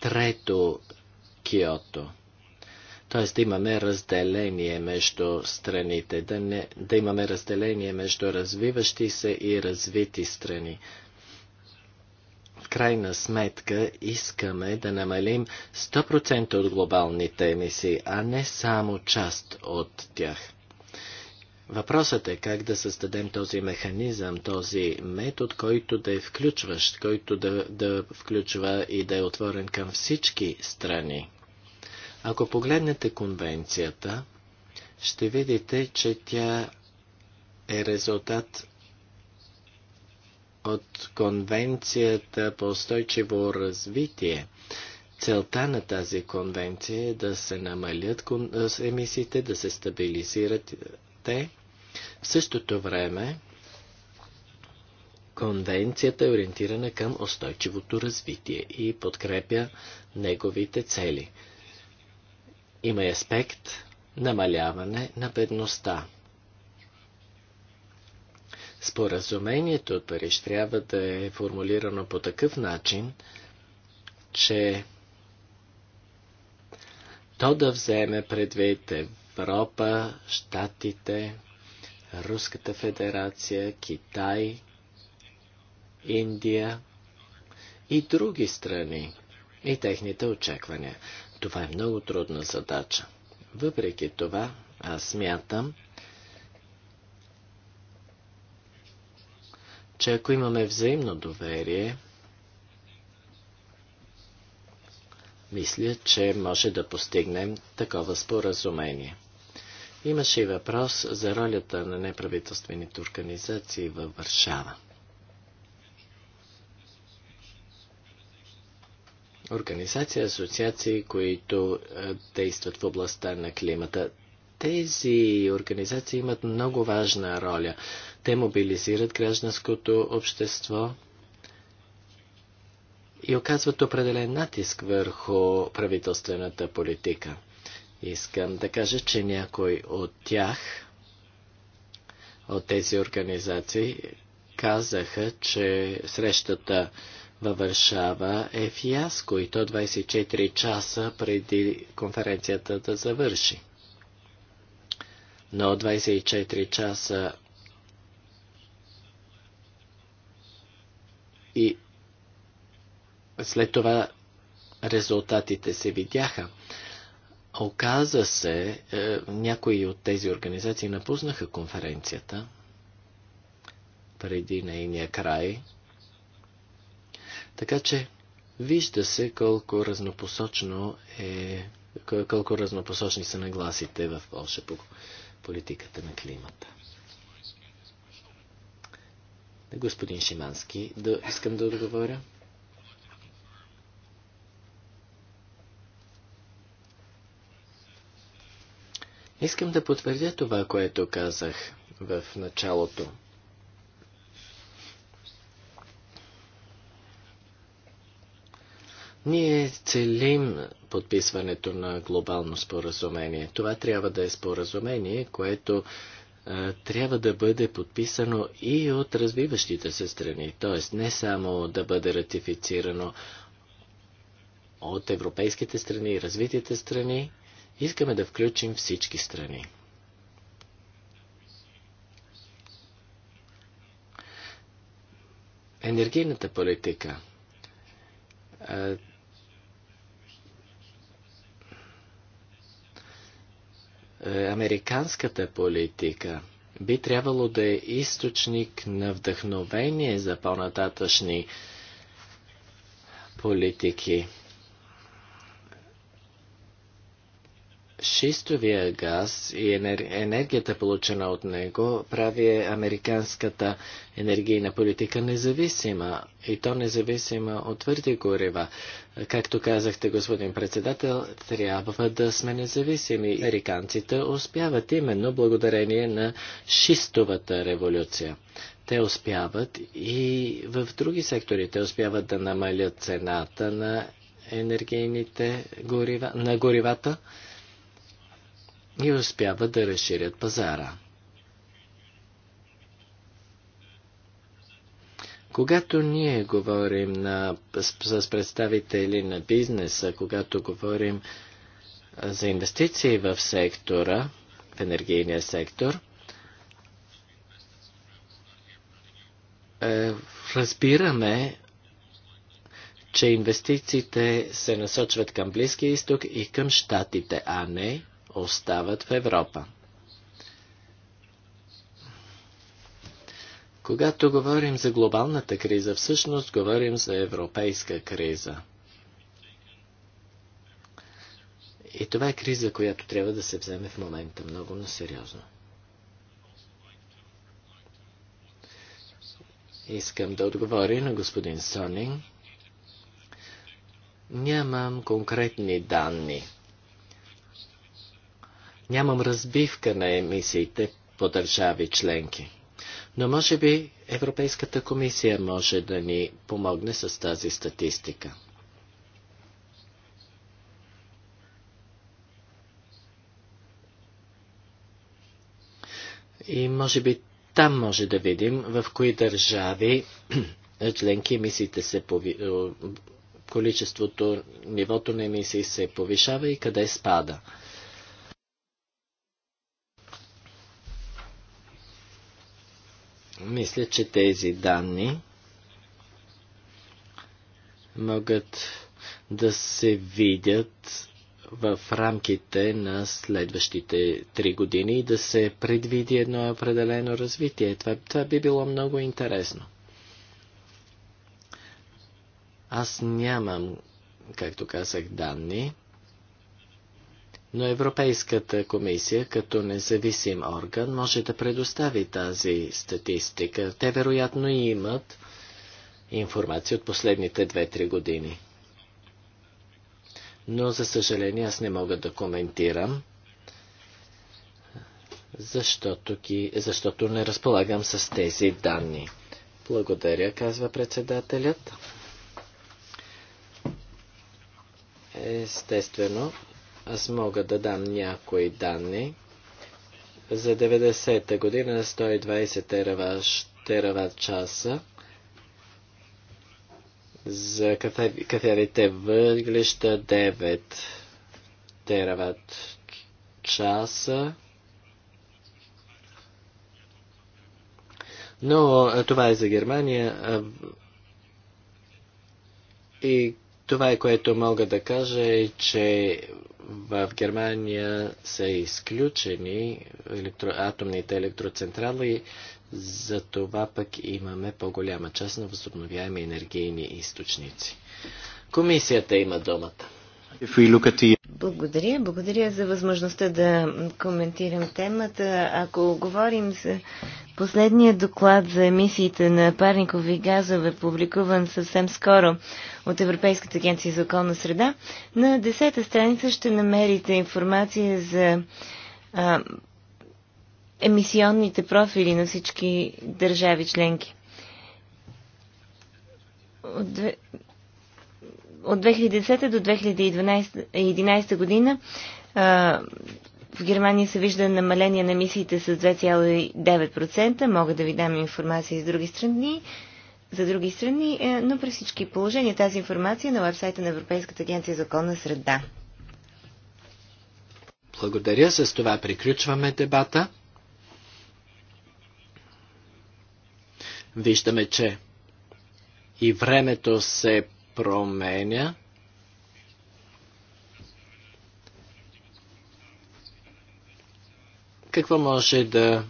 трето Киото. Тоест да имаме разделение между страните, да, не, да имаме разделение между развиващи се и развити страни в крайна сметка искаме да намалим 100% от глобалните емисии, а не само част от тях. Въпросът е как да създадем този механизъм, този метод, който да е включващ, който да, да включва и да е отворен към всички страни. Ако погледнете конвенцията, ще видите, че тя е резултат от Конвенцията по устойчиво развитие. Целта на тази конвенция е да се намалят е, емисиите, да се стабилизират е, те. В същото време конвенцията е ориентирана към устойчивото развитие и подкрепя неговите цели. Има аспект намаляване на бедността. Споразумението от Париж трябва да е формулирано по такъв начин, че то да вземе предвид Европа, Штатите, Руската федерация, Китай, Индия и други страни и техните очаквания. Това е много трудна задача. Въпреки това, аз смятам, че ако имаме взаимно доверие, мисля, че може да постигнем такова споразумение. Имаше и въпрос за ролята на неправителствените организации във Варшава. Организации, асоциации, които е, действат в областта на климата. Тези организации имат много важна роля. Те мобилизират гражданското общество и оказват определен натиск върху правителствената политика. Искам да кажа, че някой от тях, от тези организации, казаха, че срещата във Варшава е фиаско и то 24 часа преди конференцията да завърши. Но 24 часа И след това резултатите се видяха. Оказа се, е, някои от тези организации напуснаха конференцията преди нейния край. Така че вижда се колко разнопосочно е колко разнопосочни са нагласите в Польша по политиката на климата. Господин Шимански, да, искам да отговоря. Искам да потвърдя това, което казах в началото. Ние целим подписването на глобално споразумение. Това трябва да е споразумение, което трябва да бъде подписано и от развиващите се страни, т.е. не само да бъде ратифицирано от европейските страни и развитите страни, искаме да включим всички страни. Енергийната политика. Е, американската политика би трябвало да е източник на вдъхновение за по-нататъчни политики. шистовия газ и енергията получена от него прави американската енергийна политика независима и то независима от твърди горива. Както казахте, господин председател, трябва да сме независими. Американците успяват именно благодарение на шистовата революция. Те успяват и в други сектори. Те успяват да намалят цената на енергийните горива, на горивата и успяват да разширят пазара. Когато ние говорим на, с, с представители на бизнеса, когато говорим за инвестиции в сектора, в енергийния сектор, е, разбираме, че инвестициите се насочват към Близкия изток и към щатите, а не остават в Европа. Когато говорим за глобалната криза, всъщност говорим за европейска криза. И това е криза, която трябва да се вземе в момента много насериозно. Искам да отговоря на господин Сонин. Нямам конкретни данни Нямам разбивка на емисиите по държави членки. Но може би Европейската комисия може да ни помогне с тази статистика. И може би там може да видим в кои държави (clears throat) членки емисиите се пови... Е, количеството, нивото на емисии се повишава и къде спада. Мисля, че тези данни могат да се видят в рамките на следващите три години и да се предвиди едно определено развитие. Това, това би било много интересно. Аз нямам, както казах, данни но Европейската комисия, като независим орган, може да предостави тази статистика. Те вероятно и имат информация от последните 2-3 години. Но, за съжаление, аз не мога да коментирам, защото, ки, защото не разполагам с тези данни. Благодаря, казва председателят. Естествено, аз мога да дам някои данни. За 90-та година 120 терава, терават часа за кафявите въглища 9 терават часа. Но това е за Германия. И това е което мога да кажа е, че в Германия са изключени електро... атомните електроцентрали, за това пък имаме по-голяма част на възобновяеми енергийни източници. Комисията има думата. Благодаря. Благодаря за възможността да коментирам темата. Ако говорим за последния доклад за емисиите на парникови газове, публикуван съвсем скоро от Европейската агенция за околна среда, на 10-та страница ще намерите информация за а, емисионните профили на всички държави членки. От от 2010 до 2011 година а, в Германия се вижда намаление на мисиите с 2,9%. Мога да ви дам информация и с други страни, за други страни, е, но при всички положения тази информация е на вебсайта на Европейската агенция за околна среда. Благодаря. С това приключваме дебата. Виждаме, че и времето се променя. Какво може да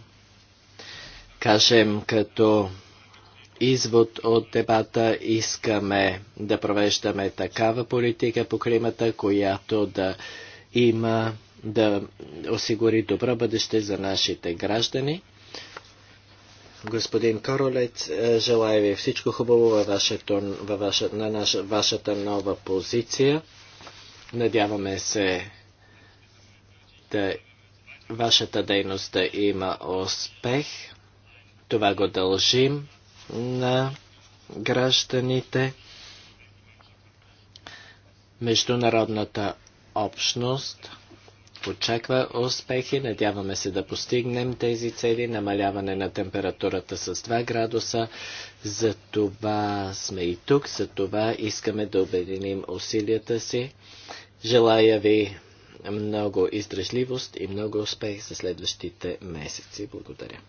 кажем като извод от дебата искаме да провеждаме такава политика по климата, която да има да осигури добро бъдеще за нашите граждани. Господин Королец, е, желая ви всичко хубаво във, вашето, във ваша, на наша, вашата нова позиция. Надяваме се да вашата дейност да има успех. Това го дължим на гражданите. Международната общност очаква успехи. Надяваме се да постигнем тези цели. Намаляване на температурата с 2 градуса. За това сме и тук. За това искаме да обединим усилията си. Желая ви много издръжливост и много успех за следващите месеци. Благодаря.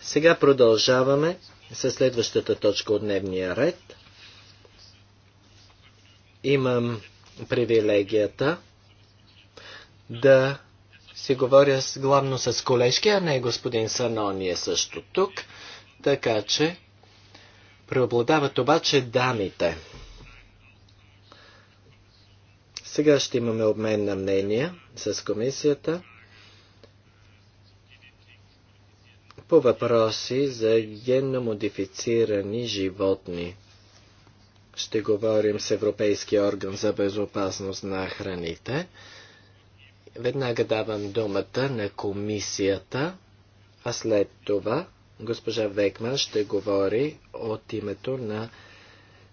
Сега продължаваме с следващата точка от дневния ред. Имам привилегията да си говоря с, главно с колежки, а не господин Санони е също тук, така че преобладават обаче дамите. Сега ще имаме обмен на мнения с комисията. по въпроси за генно модифицирани животни. Ще говорим с Европейския орган за безопасност на храните. Веднага давам думата на комисията, а след това госпожа Векман ще говори от името на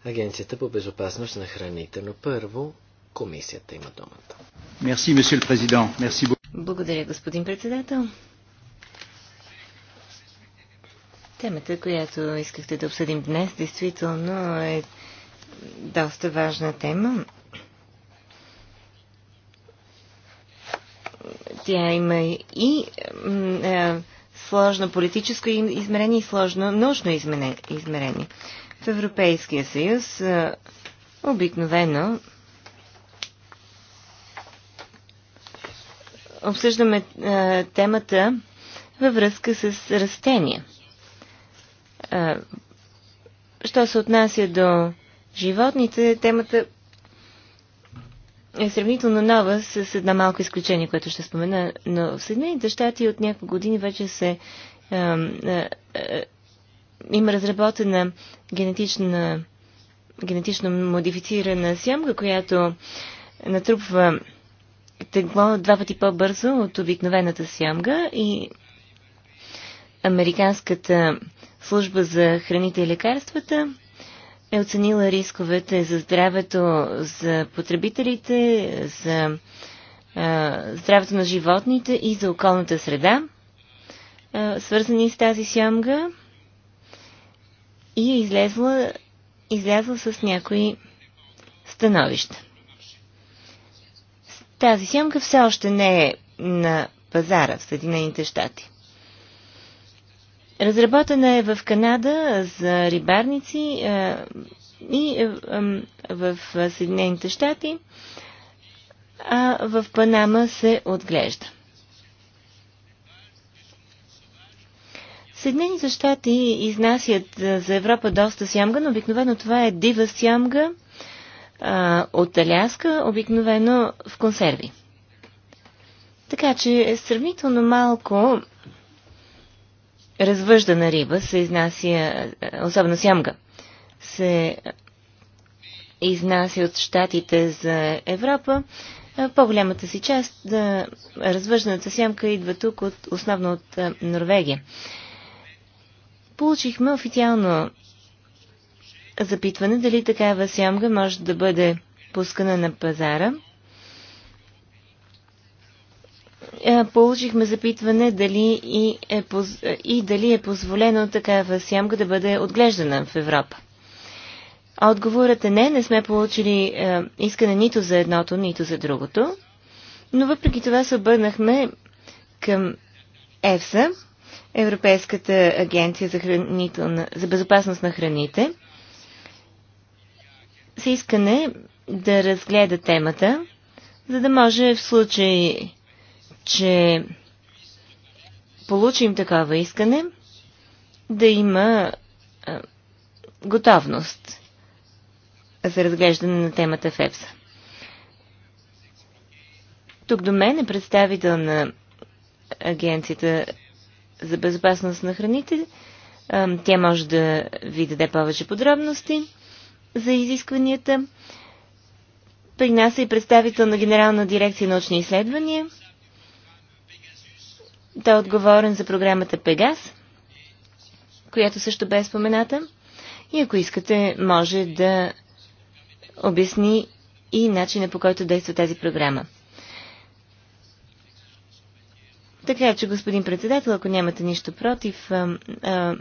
Агенцията по безопасност на храните. Но първо комисията има думата. Благодаря, господин председател. Темата, която искахте да обсъдим днес, действително е доста важна тема. Тя има и е, сложно политическо измерение и сложно научно измерение. В Европейския съюз е, обикновено обсъждаме е, темата във връзка с растения – а, що се отнася до животните, темата е сравнително нова с едно малко изключение, което ще спомена, но в Съединените щати от няколко години вече се а, а, а, има разработена генетична, генетично модифицирана сямка, която натрупва тегло два пъти по-бързо от обикновената сямга и американската служба за храните и лекарствата е оценила рисковете за здравето за потребителите, за а, здравето на животните и за околната среда, а, свързани с тази сямга и е излезла, излязла с някои становища. Тази сямка все още не е на пазара в Съединените щати. Разработена е в Канада за рибарници е, и е, в Съединените щати, а в Панама се отглежда. Съединените щати изнасят е, за Европа доста сямга, но обикновено това е дива сямга а, от Аляска, обикновено в консерви. Така че сравнително малко развъждана риба се изнася, е, особено сямга, се изнася от щатите за Европа. Е, по-голямата си част, развъжданата сямка идва тук от, основно от е, Норвегия. Получихме официално запитване дали такава сямга може да бъде пускана на пазара – Е, Получихме запитване дали и, е, поз... и дали е позволено такава сямка да бъде отглеждана в Европа. Отговорът е не, не сме получили е, искане нито за едното, нито за другото, но въпреки това се обърнахме към ЕФСА, Европейската агенция за, хранителна, за безопасност на храните, с искане да разгледа темата, за да може в случай че получим такова искане, да има а, готовност за разглеждане на темата в ЕПСА. Тук до мен е представител на Агенцията за безопасност на храните. А, тя може да ви даде повече подробности за изискванията. При нас е представител на Генерална дирекция научни изследвания – той е отговорен за програмата Пегас, която също бе спомената. И ако искате, може да обясни и начина по който действа тази програма. Така че, господин председател, ако нямате нищо против, а, а,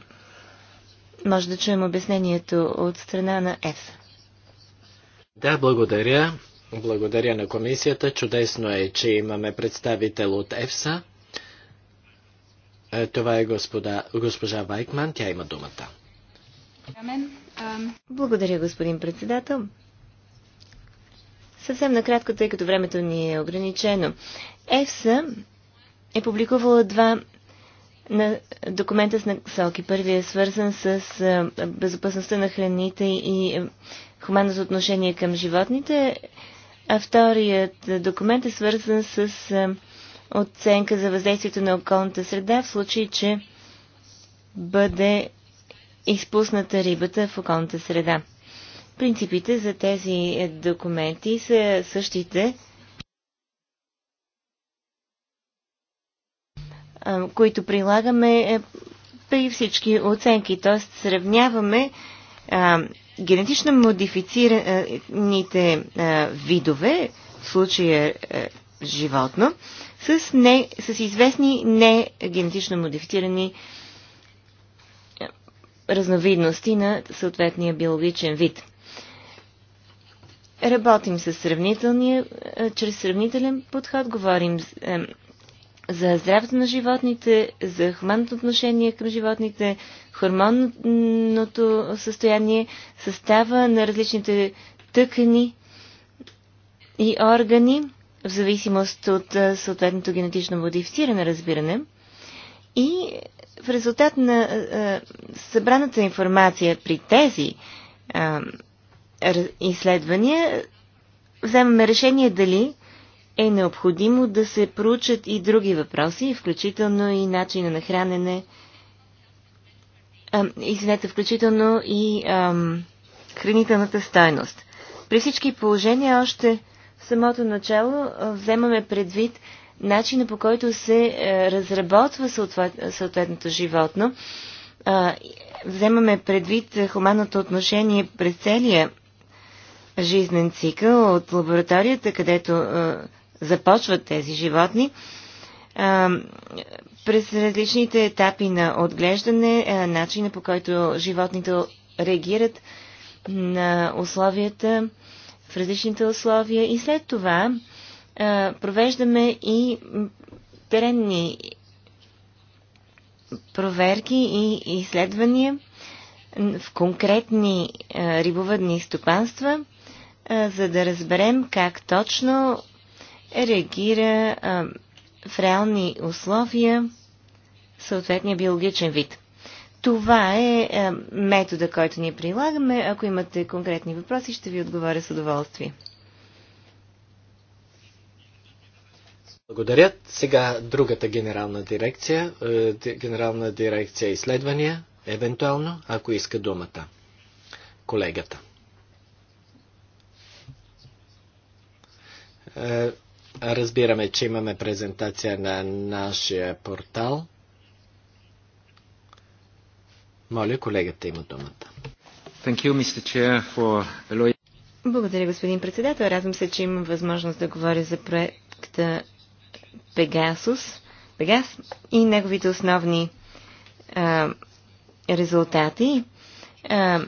може да чуем обяснението от страна на ЕС. Да, благодаря. Благодаря на комисията. Чудесно е, че имаме представител от ЕФСА. Е, това е господа, госпожа Вайкман. Тя има думата. Благодаря, господин председател. Съвсем накратко, тъй като времето ни е ограничено. ЕФСА е публикувала два на документа с насоки. Първият е свързан с безопасността на храните и хуманното отношение към животните, а вторият документ е свързан с оценка за въздействието на околната среда в случай, че бъде изпусната рибата в околната среда. Принципите за тези документи са същите, които прилагаме е, при всички оценки, т.е. сравняваме а, генетично модифицираните е, а, видове, в случая е, животно с, не, с известни не генетично модифицирани е, разновидности на съответния биологичен вид. Работим с сравнителния, е, чрез сравнителен подход, говорим е, за здравето на животните, за хуманното отношение към животните, хормонното състояние, състава на различните тъкани и органи, в зависимост от съответното генетично модифициране разбиране. И в резултат на а, събраната информация при тези а, изследвания вземаме решение дали е необходимо да се проучат и други въпроси, включително и начина на хранене, а, извинете, включително и а, хранителната стойност. При всички положения още самото начало вземаме предвид начина по който се е, разработва съответното животно. Вземаме предвид хуманното отношение през целия жизнен цикъл от лабораторията, където е, започват тези животни, е, през различните етапи на отглеждане, начина по който животните реагират на условията, в различните условия и след това а, провеждаме и теренни проверки и изследвания в конкретни а, рибовъдни стопанства, а, за да разберем как точно реагира а, в реални условия съответния биологичен вид. Това е, е метода, който ние прилагаме. Ако имате конкретни въпроси, ще ви отговоря с удоволствие. Благодаря. Сега другата генерална дирекция, е, генерална дирекция изследвания, евентуално, ако иска думата. Колегата. Е, разбираме, че имаме презентация на нашия портал. Моля, колегата има думата. You, Благодаря, господин председател. Радвам се, че имам възможност да говоря за проекта Pegasus Пегас и неговите основни а, резултати. А,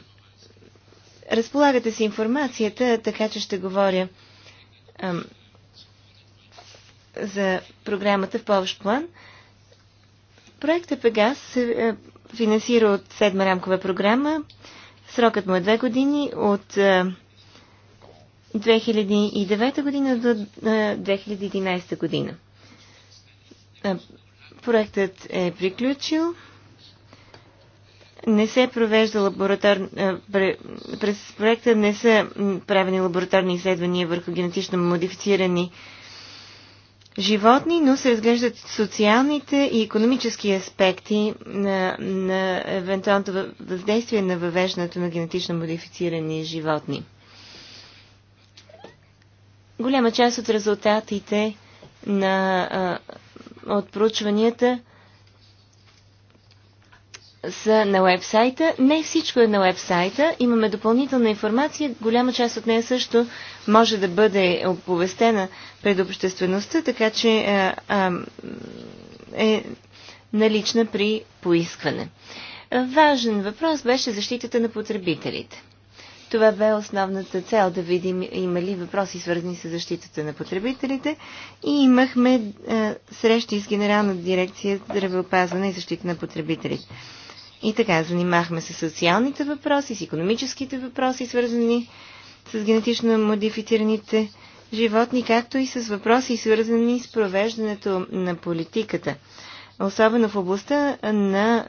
разполагате си информацията, така че ще говоря а, за програмата в повъщ план. Проекта Пегас се финансира от седма рамкова програма. Срокът му е две години от 2009 е, година до 2011 е, година. Е, проектът е приключил. Не се провежда лаборатор... През проекта не са правени лабораторни изследвания върху генетично модифицирани животни, но се разглеждат социалните и економически аспекти на, на евентуалното въздействие на въвеждането на генетично модифицирани животни. Голяма част от резултатите на, а, от проучванията са на вебсайта. Не всичко е на вебсайта. Имаме допълнителна информация. Голяма част от нея също може да бъде оповестена пред обществеността, така че е, е, е налична при поискване. Важен въпрос беше защитата на потребителите. Това бе основната цел да видим има ли въпроси свързани с защитата на потребителите и имахме а, е, срещи с Генерална дирекция здравеопазване и защита на потребителите. И така, занимахме се с социалните въпроси, с економическите въпроси, свързани с генетично модифицираните животни, както и с въпроси, свързани с провеждането на политиката, особено в областта на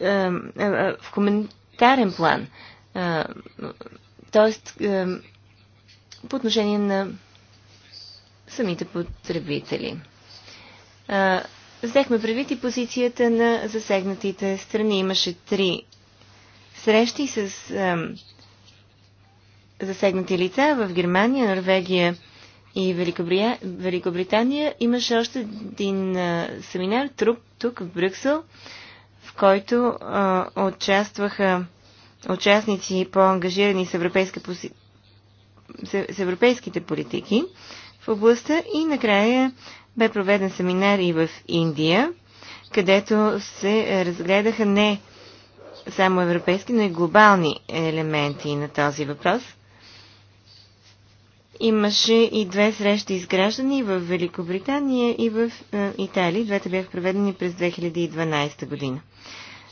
в коментарен план, т.е. по отношение на самите потребители взехме предвид и позицията на засегнатите страни. Имаше три срещи с засегнати лица в Германия, Норвегия и Великобритания. Имаше още един семинар труп тук в Брюксел, в който участваха участници по-ангажирани с, европейска поси... с европейските политики в областта и накрая бе проведен семинар и в Индия, където се разгледаха не само европейски, но и глобални елементи на този въпрос. Имаше и две срещи с граждани в Великобритания и в е, Италия. Двете бяха проведени през 2012 година.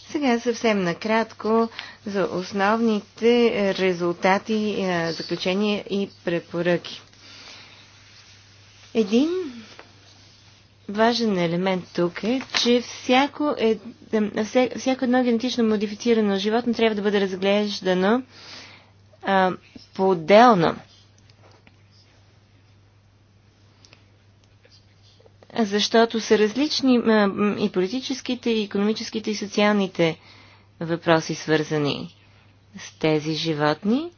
Сега съвсем накратко за основните резултати, е, заключения и препоръки. Един важен елемент тук е, че всяко, е, всяко едно генетично модифицирано животно трябва да бъде разглеждано а, по-отделно. Защото са различни а, и политическите, и економическите, и социалните въпроси, свързани с тези животни.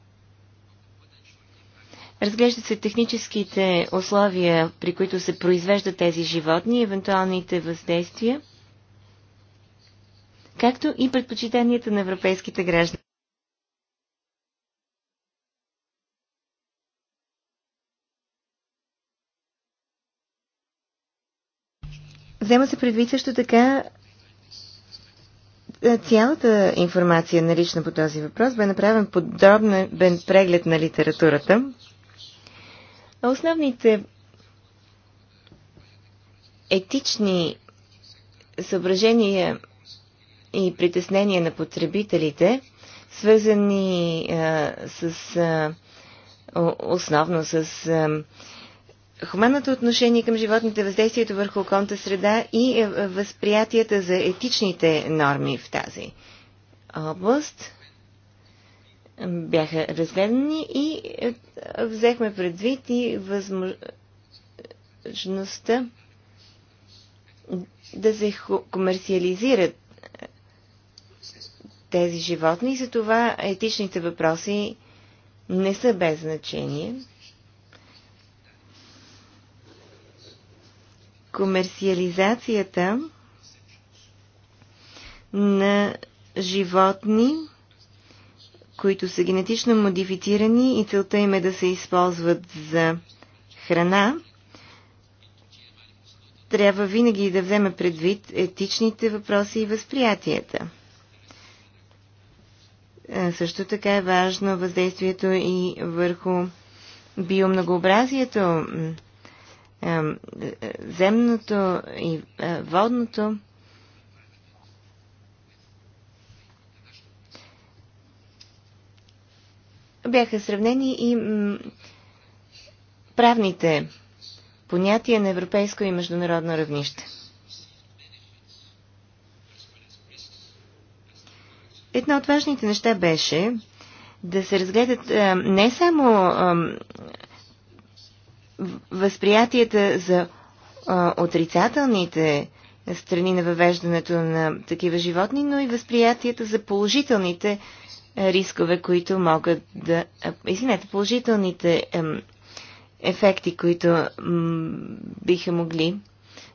Разглеждат се техническите условия, при които се произвеждат тези животни, евентуалните въздействия, както и предпочитанията на европейските граждани. Взема се предвид също така е, цялата информация налична по този въпрос. Бе направен подробен преглед на литературата. Основните етични съображения и притеснения на потребителите, свързани а, с а, основно с а, хуманното отношение към животните, въздействието върху околната среда и възприятията за етичните норми в тази област бяха разгледани и е, взехме предвид и възможността да се комерциализират е, тези животни и за това етичните въпроси не са без значение. Комерциализацията на животни които са генетично модифицирани и целта им е да се използват за храна, трябва винаги да вземе предвид етичните въпроси и възприятията. Е, също така е важно въздействието и върху биомногообразието, е, е, земното и водното. бяха сравнени и правните понятия на европейско и международно равнище. Едно от важните неща беше да се разгледат а, не само а, възприятията за а, отрицателните страни на въвеждането на такива животни, но и възприятията за положителните рискове, които могат да... Извинете, положителните ефекти, които биха могли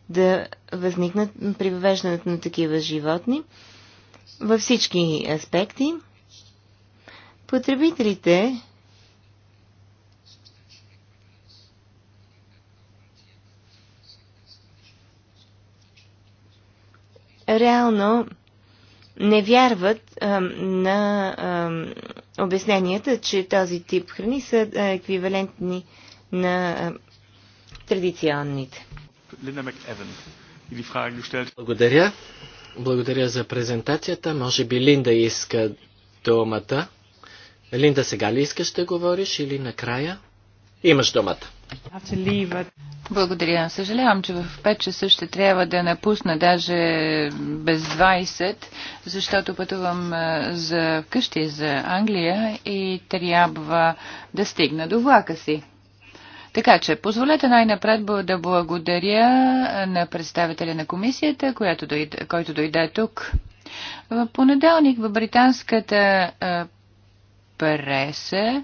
да възникнат при въвеждането на такива животни във всички аспекти. Потребителите реално не вярват а, на а, обясненията, че този тип храни са а, еквивалентни на а, традиционните. Благодаря. Благодаря за презентацията. Може би Линда иска думата. Линда, сега ли искаш да говориш или накрая? Имаш думата. Благодаря. Съжалявам, че в 5 часа ще трябва да напусна даже без 20, защото пътувам за вкъщи за Англия и трябва да стигна до влака си. Така че, позволете най-напред да благодаря на представителя на комисията, която дойде, който дойде тук. В понеделник в британската преса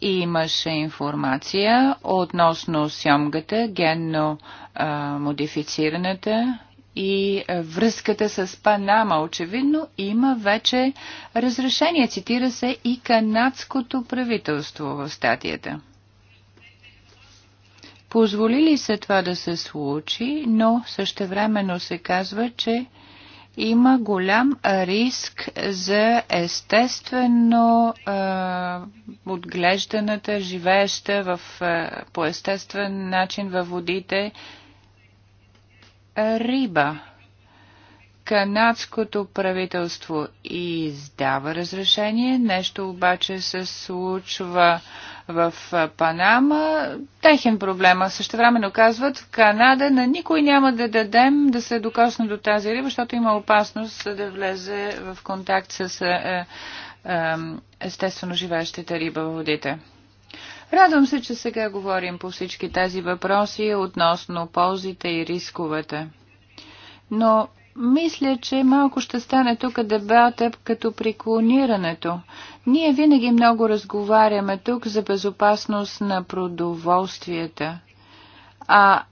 имаше информация относно сьомгата, генно а, модифицираната и връзката с Панама. Очевидно има вече разрешение. Цитира се и канадското правителство в статията. Позволили се това да се случи, но същевременно се казва, че има голям риск за естествено е, отглежданата, живееща в, е, по естествен начин във водите риба. Канадското правителство издава разрешение, нещо обаче се случва в Панама, техен проблема. време казват, в Канада на никой няма да дадем да се докосне до тази риба, защото има опасност да влезе в контакт с е, е, естествено живеещите риба в водите. Радвам се, че сега говорим по всички тези въпроси относно ползите и рисковете. Но мисля, че малко ще стане тук дебата като при клонирането. Ние винаги много разговаряме тук за безопасност на продоволствията. А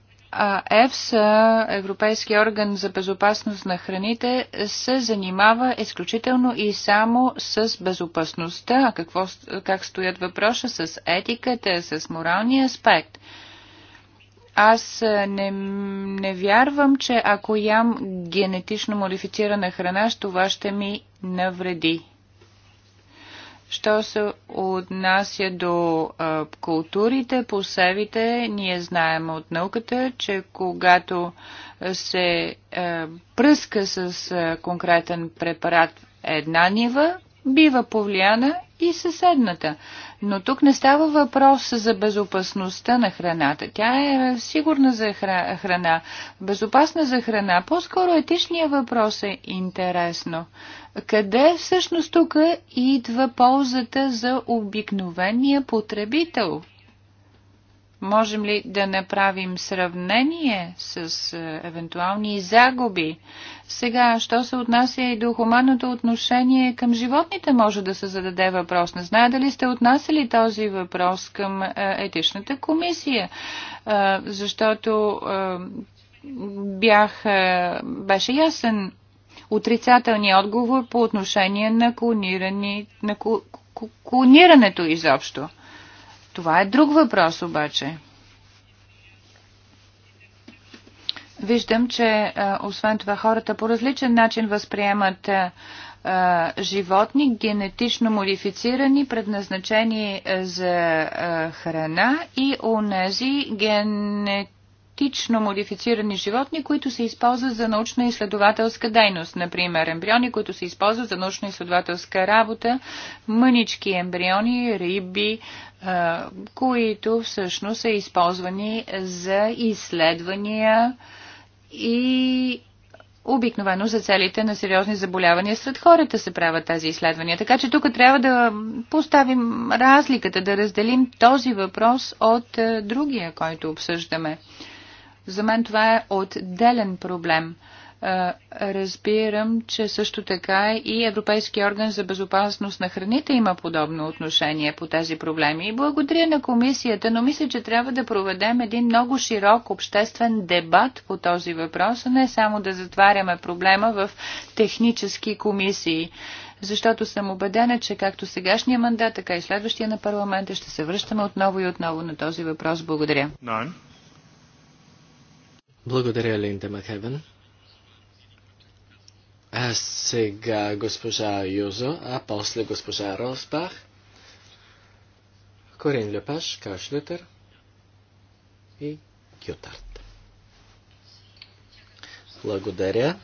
ЕФСА, Европейски орган за безопасност на храните, се занимава изключително и само с безопасността, какво, как стоят въпроса с етиката, с моралния аспект – аз е, не, не вярвам, че ако ям генетично модифицирана храна, това ще ми навреди. Що се отнася до а, е, културите, посевите, ние знаем от науката, че когато се а, е, пръска с а, конкретен препарат една нива, бива повлияна и съседната. Но тук не става въпрос за безопасността на храната. Тя е сигурна за храна, безопасна за храна. По-скоро етичният въпрос е интересно. Къде всъщност тук идва ползата за обикновения потребител? Можем ли да направим сравнение с е, евентуални загуби? Сега, що се отнася и до хуманното отношение към животните, може да се зададе въпрос. Не знае дали сте отнасяли този въпрос към е, етичната комисия, е, защото е, бях, беше ясен отрицателният отговор по отношение на, клонирани, на клонирането изобщо. Това е друг въпрос обаче. виждам, че освен това хората по различен начин възприемат животни, генетично модифицирани, предназначени за храна и унези генетично модифицирани животни, които се използват за научно-изследователска дейност. Например, ембриони, които се използват за научно-изследователска работа, мънички ембриони, риби, които всъщност са използвани за изследвания, и обикновено за целите на сериозни заболявания сред хората се правят тези изследвания. Така че тук трябва да поставим разликата, да разделим този въпрос от е, другия, който обсъждаме. За мен това е отделен проблем – разбирам, че също така и Европейския орган за безопасност на храните има подобно отношение по тези проблеми. И благодаря на комисията, но мисля, че трябва да проведем един много широк обществен дебат по този въпрос, а не само да затваряме проблема в технически комисии. Защото съм убедена, че както сегашния мандат, така и следващия на парламента ще се връщаме отново и отново на този въпрос. Благодаря. Благодаря, Линда Махевен. А сега госпожа Юзо, а после госпожа Росбах, Корин Лепаш, Кашлетер и Кютарт. Благодаря.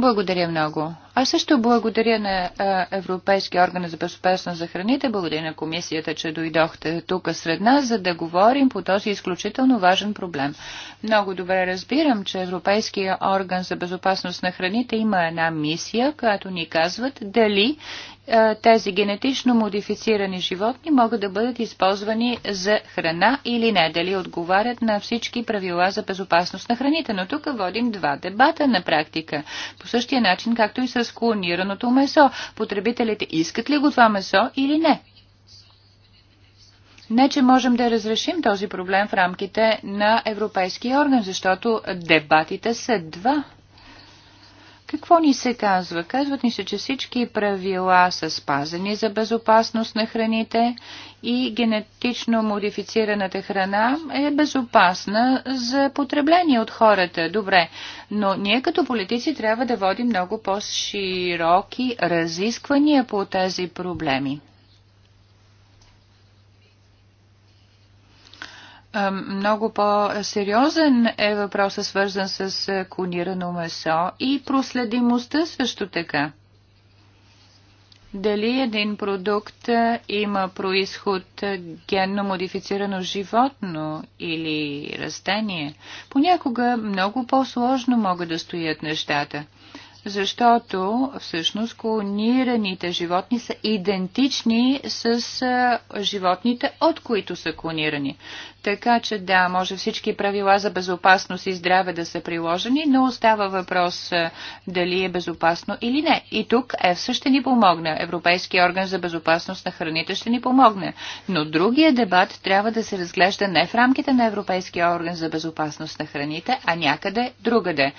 Благодаря много. Аз също благодаря на Европейския орган за безопасност за храните, благодаря на комисията, че дойдохте тук сред нас, за да говорим по този изключително важен проблем. Много добре разбирам, че Европейския орган за безопасност на храните има една мисия, която ни казват дали е, тези генетично модифицирани животни могат да бъдат използвани за храна или не, дали отговарят на всички правила за безопасност на храните. Но тук водим два дебата на практика. По същия начин, както и с клонираното месо. Потребителите искат ли го това месо или не? Не, че можем да разрешим този проблем в рамките на Европейския орган, защото дебатите са два какво ни се казва? Казват ни се, че всички правила са спазени за безопасност на храните и генетично модифицираната храна е безопасна за потребление от хората. Добре, но ние като политици трябва да водим много по-широки разисквания по тези проблеми. Много по-сериозен е въпросът свързан с е, клонирано месо и проследимостта също така. Дали един продукт е, има происход е, генно модифицирано животно или растение? Понякога много по-сложно могат да стоят нещата защото всъщност клонираните животни са идентични с животните, от които са клонирани. Така че да, може всички правила за безопасност и здраве да са приложени, но остава въпрос дали е безопасно или не. И тук ЕФСА ще ни помогне, Европейския орган за безопасност на храните ще ни помогне. Но другия дебат трябва да се разглежда не в рамките на Европейския орган за безопасност на храните, а някъде другаде.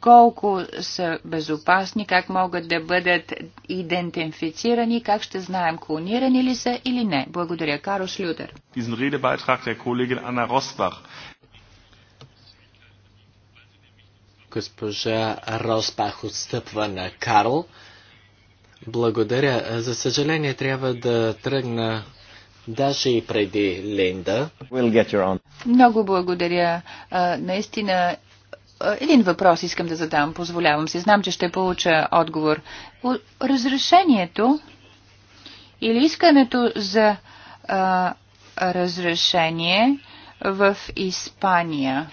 Колко са безопасни безопасни, как могат да бъдат идентифицирани, как ще знаем клонирани ли са или не. Благодаря, Каро Шлюдер. Госпожа Роспах отстъпва на Карл. Благодаря. За съжаление трябва да тръгна даже и преди Линда. We'll get your own. Много благодаря. наистина един въпрос искам да задам, позволявам си. Знам, че ще получа отговор. Разрешението или искането за а, разрешение в Испания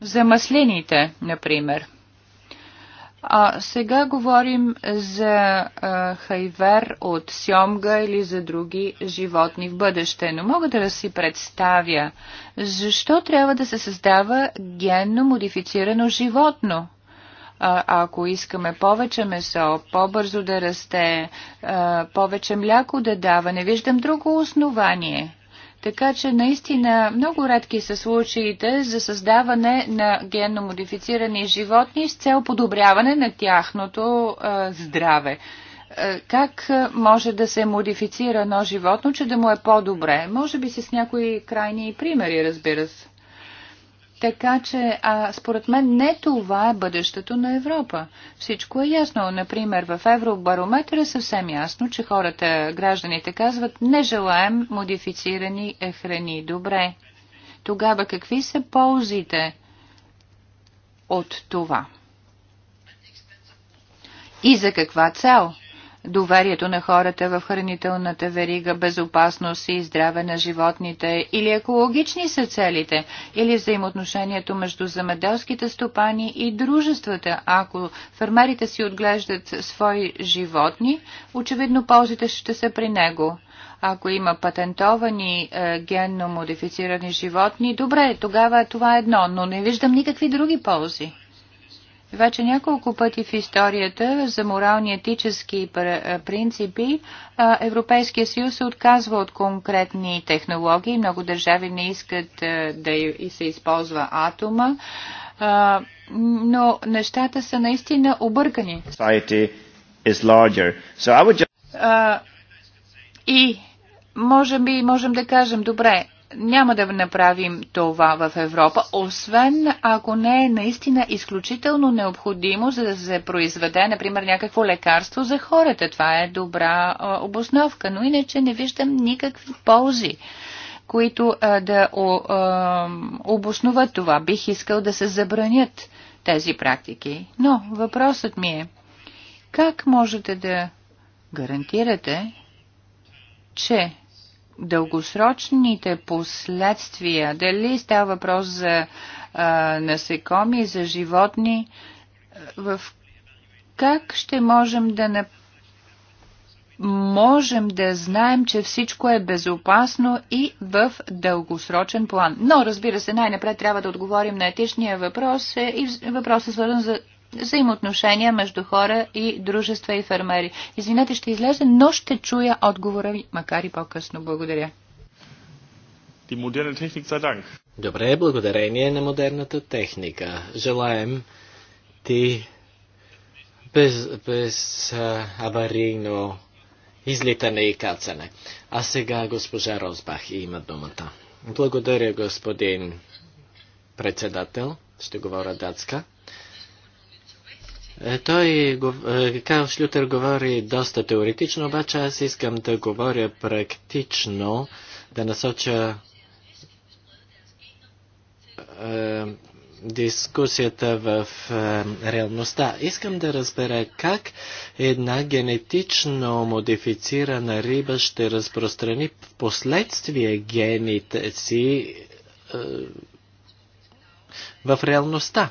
за маслините, например. А сега говорим за а, хайвер от сьомга или за други животни в бъдеще, но мога да си представя, защо трябва да се създава генно модифицирано животно? А, ако искаме повече месо, по-бързо да расте, а, повече мляко да дава, не виждам друго основание. Така че наистина много редки са случаите за създаване на генно модифицирани животни с цел подобряване на тяхното а, здраве. А, как може да се модифицира едно животно, че да му е по-добре? Може би с някои крайни примери, разбира се. Така че, а, според мен, не това е бъдещето на Европа. Всичко е ясно. Например, в Евробарометър е съвсем ясно, че хората, гражданите казват, не желаем модифицирани е храни. Добре. Тогава какви са ползите от това? И за каква цел? доверието на хората в хранителната верига, безопасност и здраве на животните, или екологични са целите, или взаимоотношението между замеделските стопани и дружествата. Ако фермерите си отглеждат свои животни, очевидно ползите ще са при него. Ако има патентовани е, генно модифицирани животни, добре, тогава това е едно, но не виждам никакви други ползи. Вече няколко пъти в историята за морални етически е, принципи е, Европейския съюз се отказва от конкретни технологии. Много държави не искат е, да се използва атома, но нещата са наистина объркани. И може би можем да кажем, добре, няма да направим това в Европа, освен ако не е наистина изключително необходимо, за да се произведе, например, някакво лекарство за хората. Това е добра а, обосновка, но иначе не виждам никакви ползи които а, да о, а, обосноват това. Бих искал да се забранят тези практики. Но въпросът ми е, как можете да гарантирате, че дългосрочните последствия, дали става въпрос за а, насекоми, за животни, в как ще можем да на можем да знаем, че всичко е безопасно и в дългосрочен план. Но, разбира се, най-напред трябва да отговорим на етичния въпрос е, и е свързан за взаимоотношения между хора и дружества и фермери. Извинете, ще излезе, но ще чуя отговора ви, макар и по-късно. Благодаря. Добре, благодарение на модерната техника. Желаем ти без, без а, аварийно излитане и кацане. А сега госпожа Розбах има думата. Благодаря, господин председател. Ще говоря датска. Е, той, е, Карл Шлютер говори доста теоретично, обаче аз искам да говоря практично, да насоча е, дискусията в е, реалността. Искам да разбера как една генетично модифицирана риба ще разпространи в последствие гените си е, в реалността.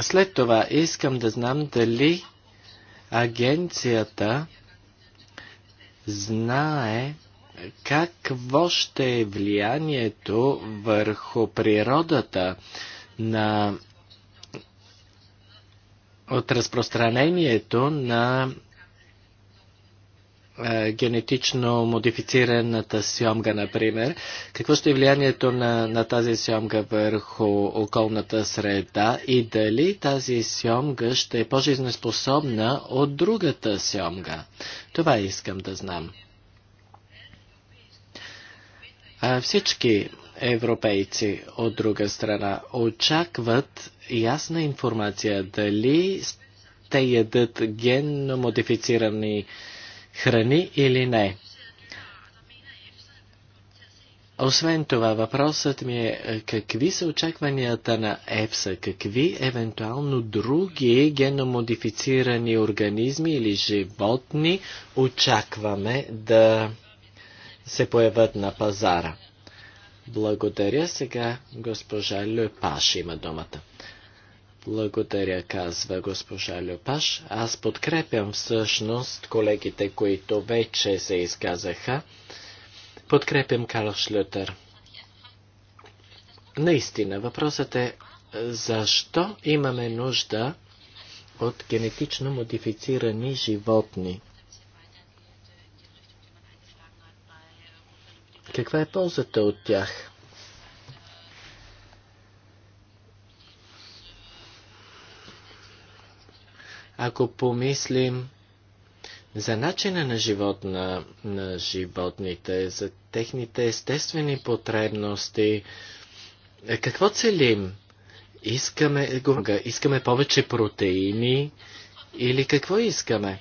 След това искам да знам дали агенцията знае какво ще е влиянието върху природата на от разпространението на е, генетично модифицираната сьомга, например. Какво ще е влиянието на, на тази сьомга върху околната среда и дали тази сьомга ще е по-жизнеспособна от другата сьомга? Това искам да знам. А всички европейци от друга страна очакват ясна информация дали те ядат генно модифицирани храни или не. Освен това, въпросът ми е, е какви са очакванията на ЕФСА, какви евентуално други геномодифицирани организми или животни очакваме да се появят на пазара. Благодаря сега госпожа Лепаш има думата. Благодаря, казва госпожа Люпаш. Аз подкрепям всъщност колегите, които вече се изказаха. Подкрепям Карл Шлютер. Наистина, въпросът е защо имаме нужда от генетично модифицирани животни? Каква е ползата от тях? Ако помислим за начина на живот на, на животните, за техните естествени потребности, е, какво целим? Искаме, искаме повече протеини или какво искаме?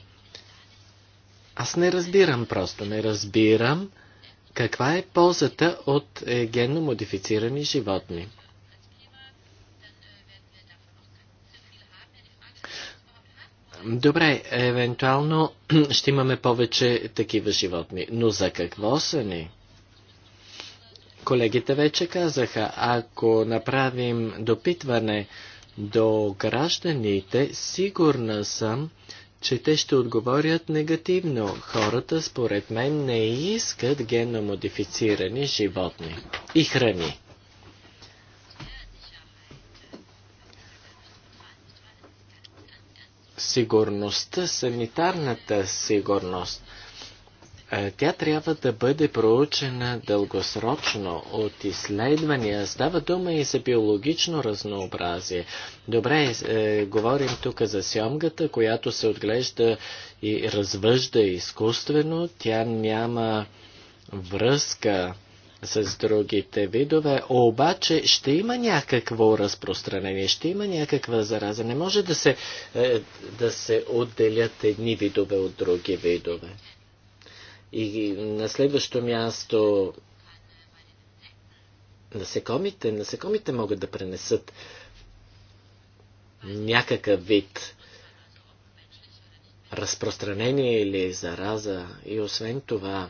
Аз не разбирам просто, не разбирам каква е ползата от е, генно модифицирани животни. Добре, евентуално (clears throat) ще имаме повече такива животни, но за какво са ни? Колегите вече казаха, ако направим допитване до гражданите, сигурна съм, че те ще отговорят негативно. Хората, според мен, не искат генномодифицирани животни и храни. сигурността, санитарната сигурност, е, тя трябва да бъде проучена дългосрочно от изследвания. Става дума и за биологично разнообразие. Добре, е, е говорим тук за сьомгата, която се отглежда и развъжда изкуствено. Тя няма връзка с другите видове, обаче ще има някакво разпространение, ще има някаква зараза. Не може да се, е, да се отделят едни видове от други видове. И на следващо място насекомите, насекомите могат да пренесат някакъв вид разпространение или зараза. И освен това,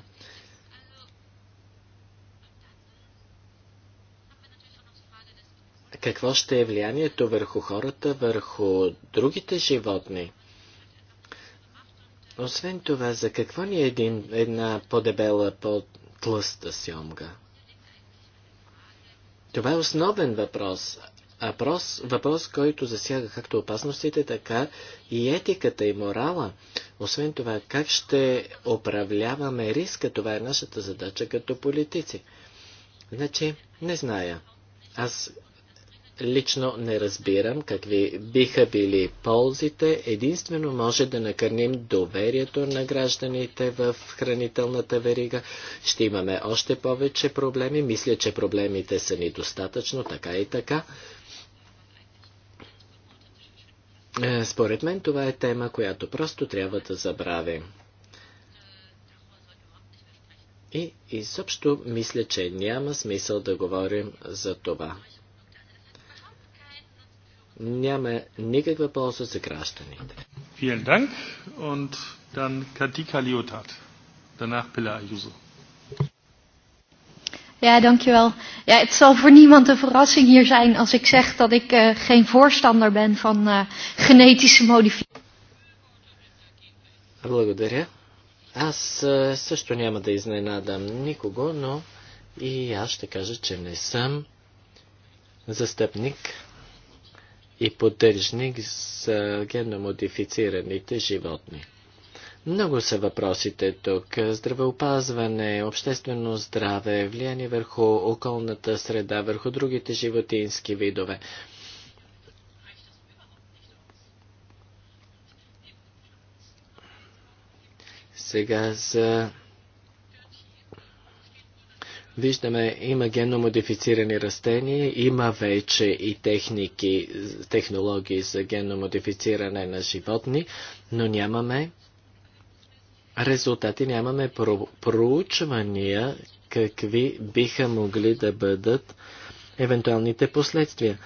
какво ще е влиянието върху хората, върху другите животни. Освен това, за какво ни е един, една по-дебела, по-тлъста сьомга? Това е основен въпрос. Въпрос, въпрос, който засяга както опасностите, така и етиката и морала. Освен това, как ще управляваме риска, това е нашата задача като политици. Значи, не зная. Аз лично не разбирам какви биха били ползите. Единствено може да накърним доверието на гражданите в хранителната верига. Ще имаме още повече проблеми. Мисля, че проблемите са ни достатъчно, така и така. Е, според мен това е тема, която просто трябва да забравим. И изобщо мисля, че няма смисъл да говорим за това няма никаква полза за гражданите. Vielen Dank und dann Katika Liotard. Danach Pilar Ayuso. Ja, dankjewel. Ja, het zal voor niemand een verrassing hier zijn als ik zeg dat ik uh, geen voorstander ben van uh, genetische modificatie. Благодаря. Аз uh, също няма да изненадам никого, но и аз ще кажа, че не съм застъпник и поддържник за генномодифицираните животни. Много са въпросите тук. Здравеопазване, обществено здраве, влияние върху околната среда, върху другите животински видове. Сега за Виждаме, има генно модифицирани растения, има вече и техники, технологии за генно модифициране на животни, но нямаме резултати, нямаме проучвания какви биха могли да бъдат евентуалните последствия.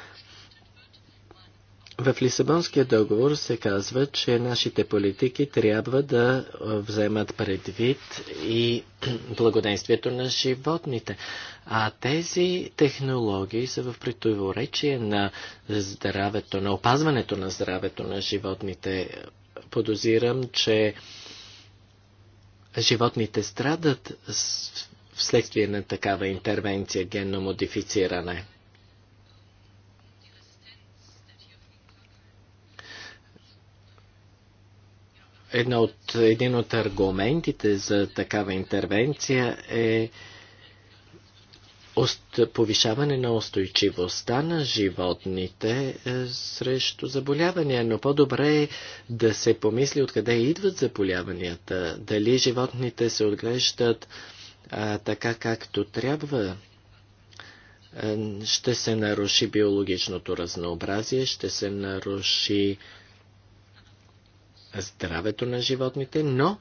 В Лисабонския договор се казва, че нашите политики трябва да вземат предвид и (clears throat) благоденствието на животните. А тези технологии са в противоречие на здравето, на опазването на здравето на животните. Подозирам, че животните страдат вследствие на такава интервенция генно модифициране. Една от, един от аргументите за такава интервенция е повишаване на устойчивостта на животните е, срещу заболявания, но по-добре е да се помисли откъде идват заболяванията, дали животните се отглеждат а, така както трябва. Е, ще се наруши биологичното разнообразие, ще се наруши здравето на животните, но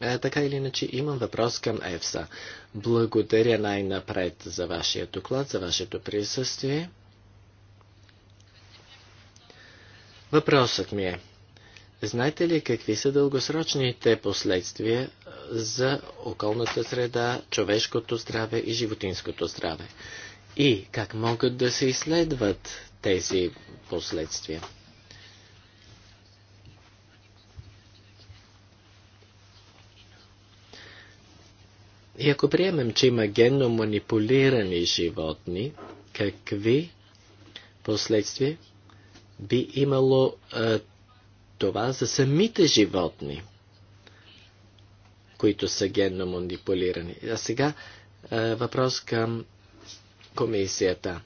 а, е, така или иначе имам въпрос към ЕФСА. Благодаря най-напред за вашия доклад, за вашето присъствие. Въпросът ми е, знаете ли какви са дългосрочните последствия е, за околната среда, човешкото здраве и животинското здраве? И как могат да се изследват тези последствия? И ако приемем, че има генно манипулирани животни, какви последствия би имало а, това за самите животни, които са генно манипулирани? А сега а, въпрос към комисията.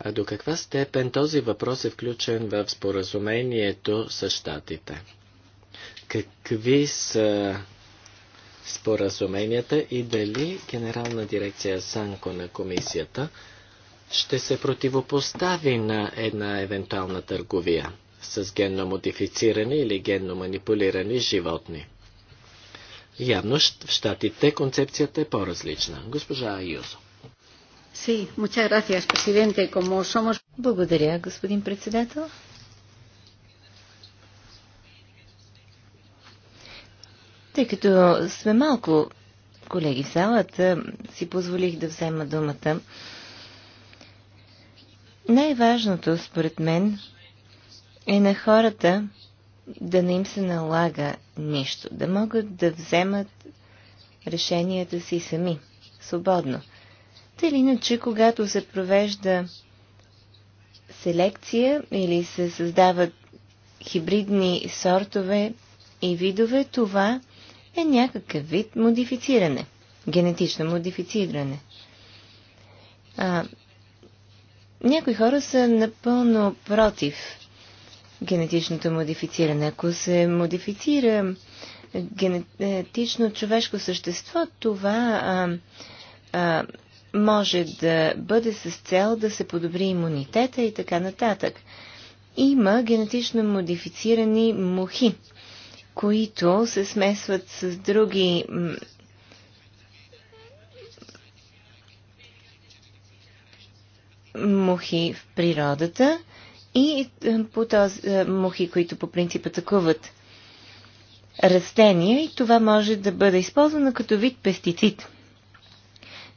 А до каква степен този въпрос е включен в споразумението с щатите? Какви са споразуменията и дали Генерална дирекция Санко на комисията ще се противопостави на една евентуална търговия с генно модифицирани или генно манипулирани животни. Явно в щатите концепцията е по-различна. Госпожа Юзо. Благодаря, господин председател. Тъй като сме малко колеги в залата, си позволих да взема думата. Най-важното, според мен, е на хората да не им се налага нищо, да могат да вземат решенията си сами, свободно. Тъй или иначе, когато се провежда селекция или се създават хибридни сортове и видове, това е някакъв вид модифициране, генетично модифициране. А, някои хора са напълно против генетичното модифициране. Ако се модифицира генетично човешко същество, това а, а, може да бъде с цел да се подобри имунитета и така нататък. Има генетично модифицирани мухи които се смесват с други мухи в природата и е, по този, е, мухи, които по принцип атакуват растения и това може да бъде използвано като вид пестицид.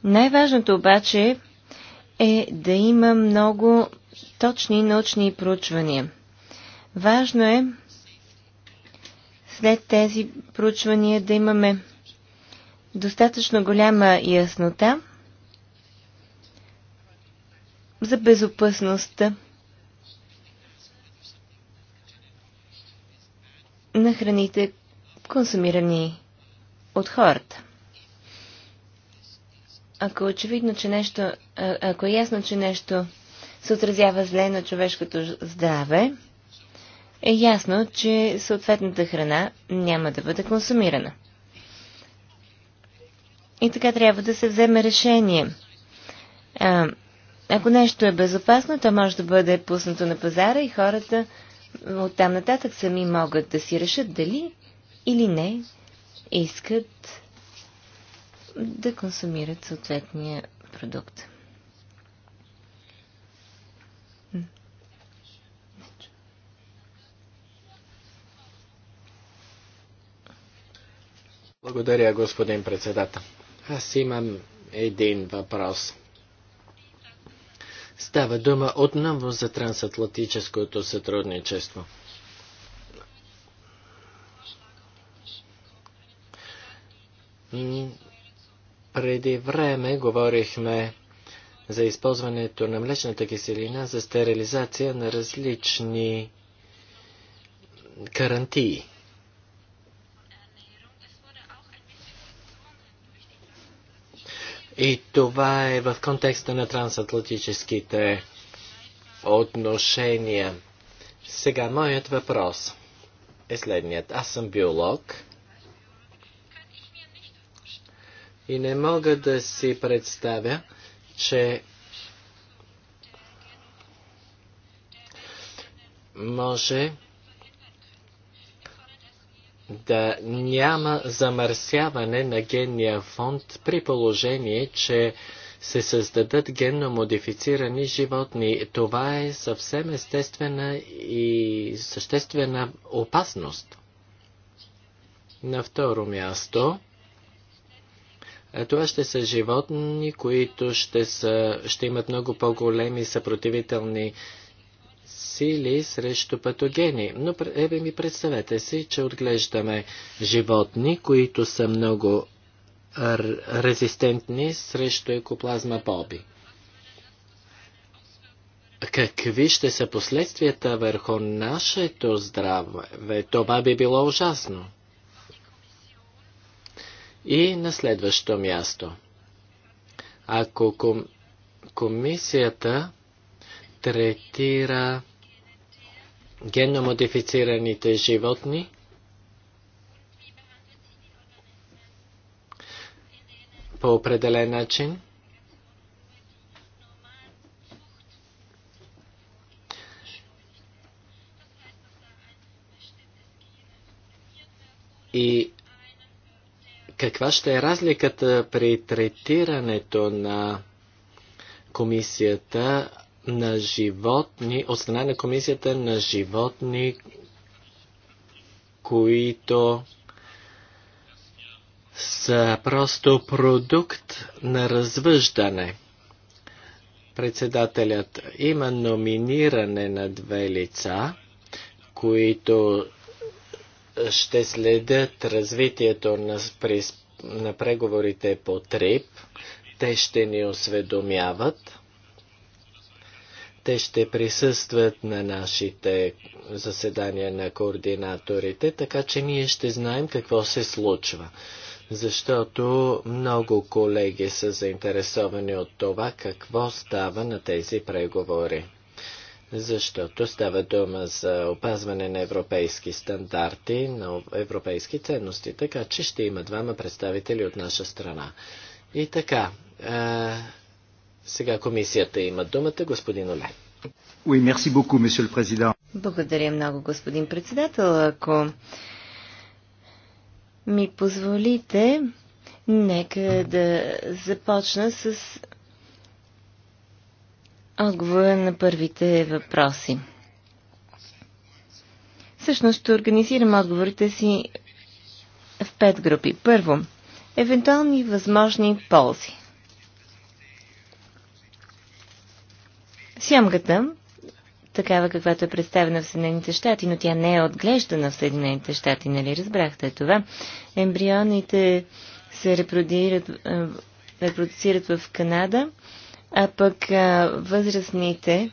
Най-важното обаче е да има много точни научни проучвания. Важно е след тези проучвания да имаме достатъчно голяма яснота за безопасността на храните, консумирани от хората. Ако е очевидно, че нещо, ако е ясно, че нещо се отразява зле на човешкото здраве, е ясно, че съответната храна няма да бъде консумирана. И така трябва да се вземе решение. А, ако нещо е безопасно, то може да бъде пуснато на пазара и хората от там нататък сами могат да си решат дали или не искат да консумират съответния продукт. Благодаря, господин председател. Аз имам един въпрос. Става дума отново за трансатлантическото сътрудничество. Преди време говорихме за използването на млечната киселина за стерилизация на различни карантии. И това е в контекста на трансатлантическите отношения. Сега, моят въпрос е следният. Аз съм биолог и не мога да си представя, че може да няма замърсяване на генния фонд при положение, че се създадат генно модифицирани животни. Това е съвсем естествена и съществена опасност. На второ място, това ще са животни, които ще, са, ще имат много по-големи съпротивителни сили срещу патогени. Но ебе ми представете си, че отглеждаме животни, които са много резистентни срещу екоплазма боби. Какви ще са последствията върху нашето здраве? Това би било ужасно. И на следващо място. Ако ком... комисията третира генномодифицираните животни. по определен начин. И каква ще е разликата при третирането на комисията на животни, от страна на комисията на животни, които са просто продукт на развъждане. Председателят има номиниране на две лица, които ще следят развитието на, на преговорите по ТРИП. Те ще ни осведомяват. Те ще присъстват на нашите заседания на координаторите, така че ние ще знаем какво се случва. Защото много колеги са заинтересовани от това какво става на тези преговори защото става дума за опазване на европейски стандарти, на европейски ценности, така че ще има двама представители от наша страна. И така, сега комисията има думата, господин Оле. Oui, merci beaucoup, monsieur le président. Благодаря много, господин председател. Ако ми позволите, нека да започна с отговора на първите въпроси. Всъщност ще организирам отговорите си в пет групи. Първо, евентуални възможни ползи. Сямгата, такава каквато е представена в Съединените щати, но тя не е отглеждана в Съединените щати, нали разбрахте това? Ембрионите се репродуцират, репродуцират в Канада, а пък а, възрастните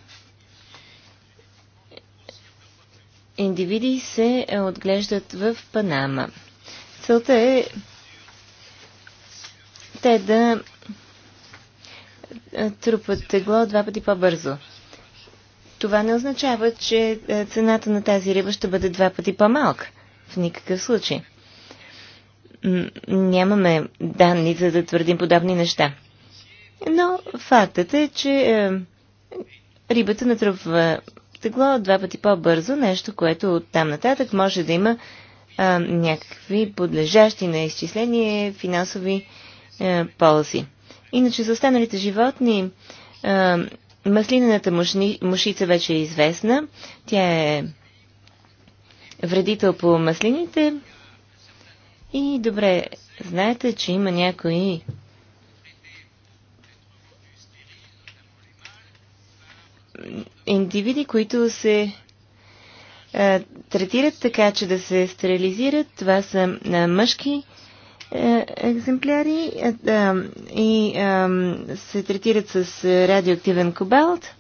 индивиди се отглеждат в Панама. Целта е те да е, трупат тегло два пъти по-бързо. Това не означава, че е, цената на тази риба ще бъде два пъти по-малка. В никакъв случай. Нямаме данни, за да твърдим подобни неща. Но фактът е, че е, рибата натрупва тегло два пъти по-бързо, нещо, което от там нататък може да има е, някакви подлежащи на изчисление финансови е, ползи. Иначе за останалите животни а, маслинената мушица вече е известна. Тя е вредител по маслините. И добре, знаете, че има някои индивиди, които се а, третират така, че да се стерилизират. Това са а, мъжки е, екземпляри е, и е, се третират с радиоактивен кобалт.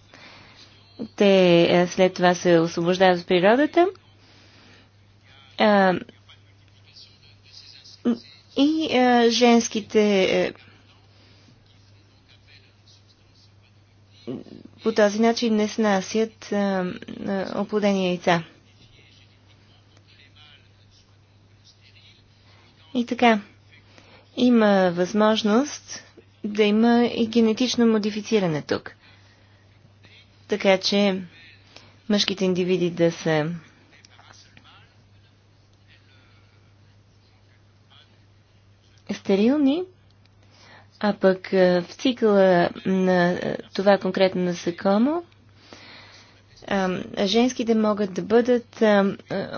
Те след това се освобождават в природата. И женските по този начин не снасят оплодени яйца. И така има възможност да има и генетично модифициране тук. Така че мъжките индивиди да са стерилни, а пък в цикъла на това конкретно насекомо, женските могат да бъдат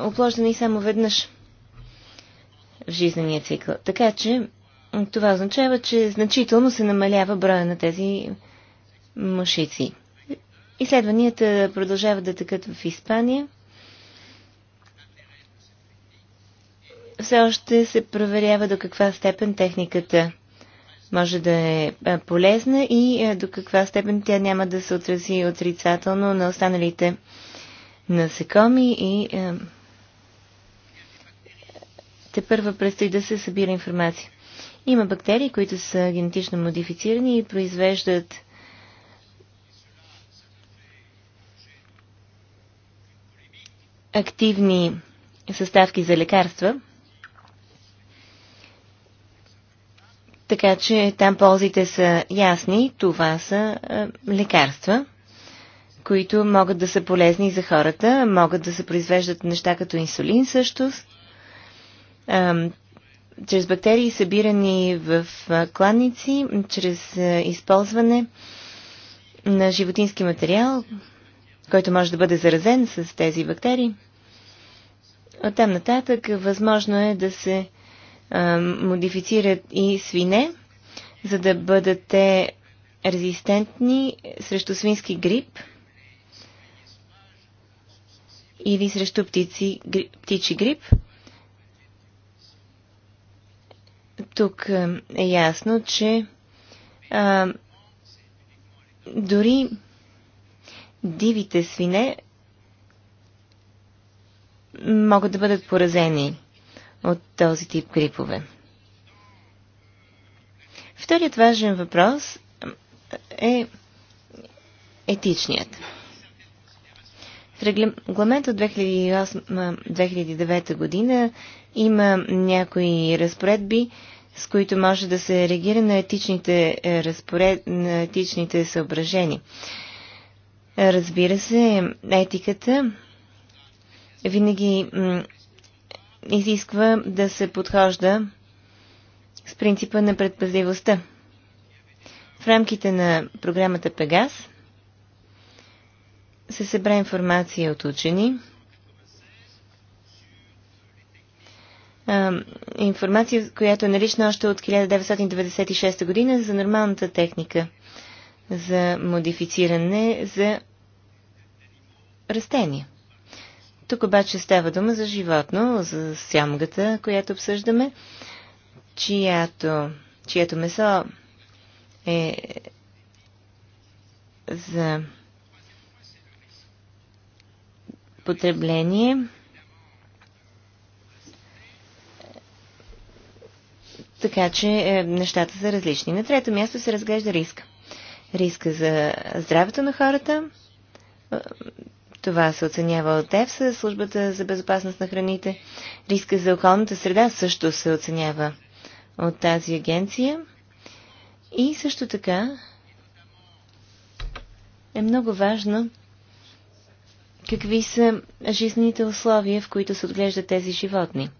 оплождани само веднъж в жизнения цикъл. Така че това означава, че значително се намалява броя на тези мъшици. Изследванията продължават да тъкат в Испания. Все още се проверява до каква степен техниката може да е полезна и до каква степен тя няма да се отрази отрицателно на останалите насекоми и те първа предстои да се събира информация. Има бактерии, които са генетично модифицирани и произвеждат активни съставки за лекарства. Така че там ползите са ясни. Това са е, лекарства, които могат да са полезни за хората. Могат да се произвеждат неща като инсулин също. Е, чрез бактерии, събирани в кланници, чрез използване на животински материал, който може да бъде заразен с тези бактерии. От там нататък възможно е да се а, модифицират и свине, за да бъдат те резистентни срещу свински грип или срещу птици, птичи грип. Тук е ясно, че а, дори дивите свине могат да бъдат поразени от този тип грипове. Вторият важен въпрос е етичният. В регламент от 2008-2009 година има някои разпоредби, с които може да се реагира на етичните, е, разпоред... на етичните съображения. Разбира се, етиката винаги изисква да се подхожда с принципа на предпазливостта. В рамките на програмата Пегас се събра информация от учени, Е, информация, която е налична още от 1996 година за нормалната техника за модифициране за растения. Тук обаче става дума за животно, за сямгата, която обсъждаме, чието, чието месо е за потребление. така че е, нещата са различни. На трето място се разглежда риска. Риска за здравето на хората. Е, това се оценява от ЕФСА, службата за безопасност на храните. Риска за околната среда също се оценява от тази агенция. И също така е много важно какви са жизнените условия, в които се отглеждат тези животни.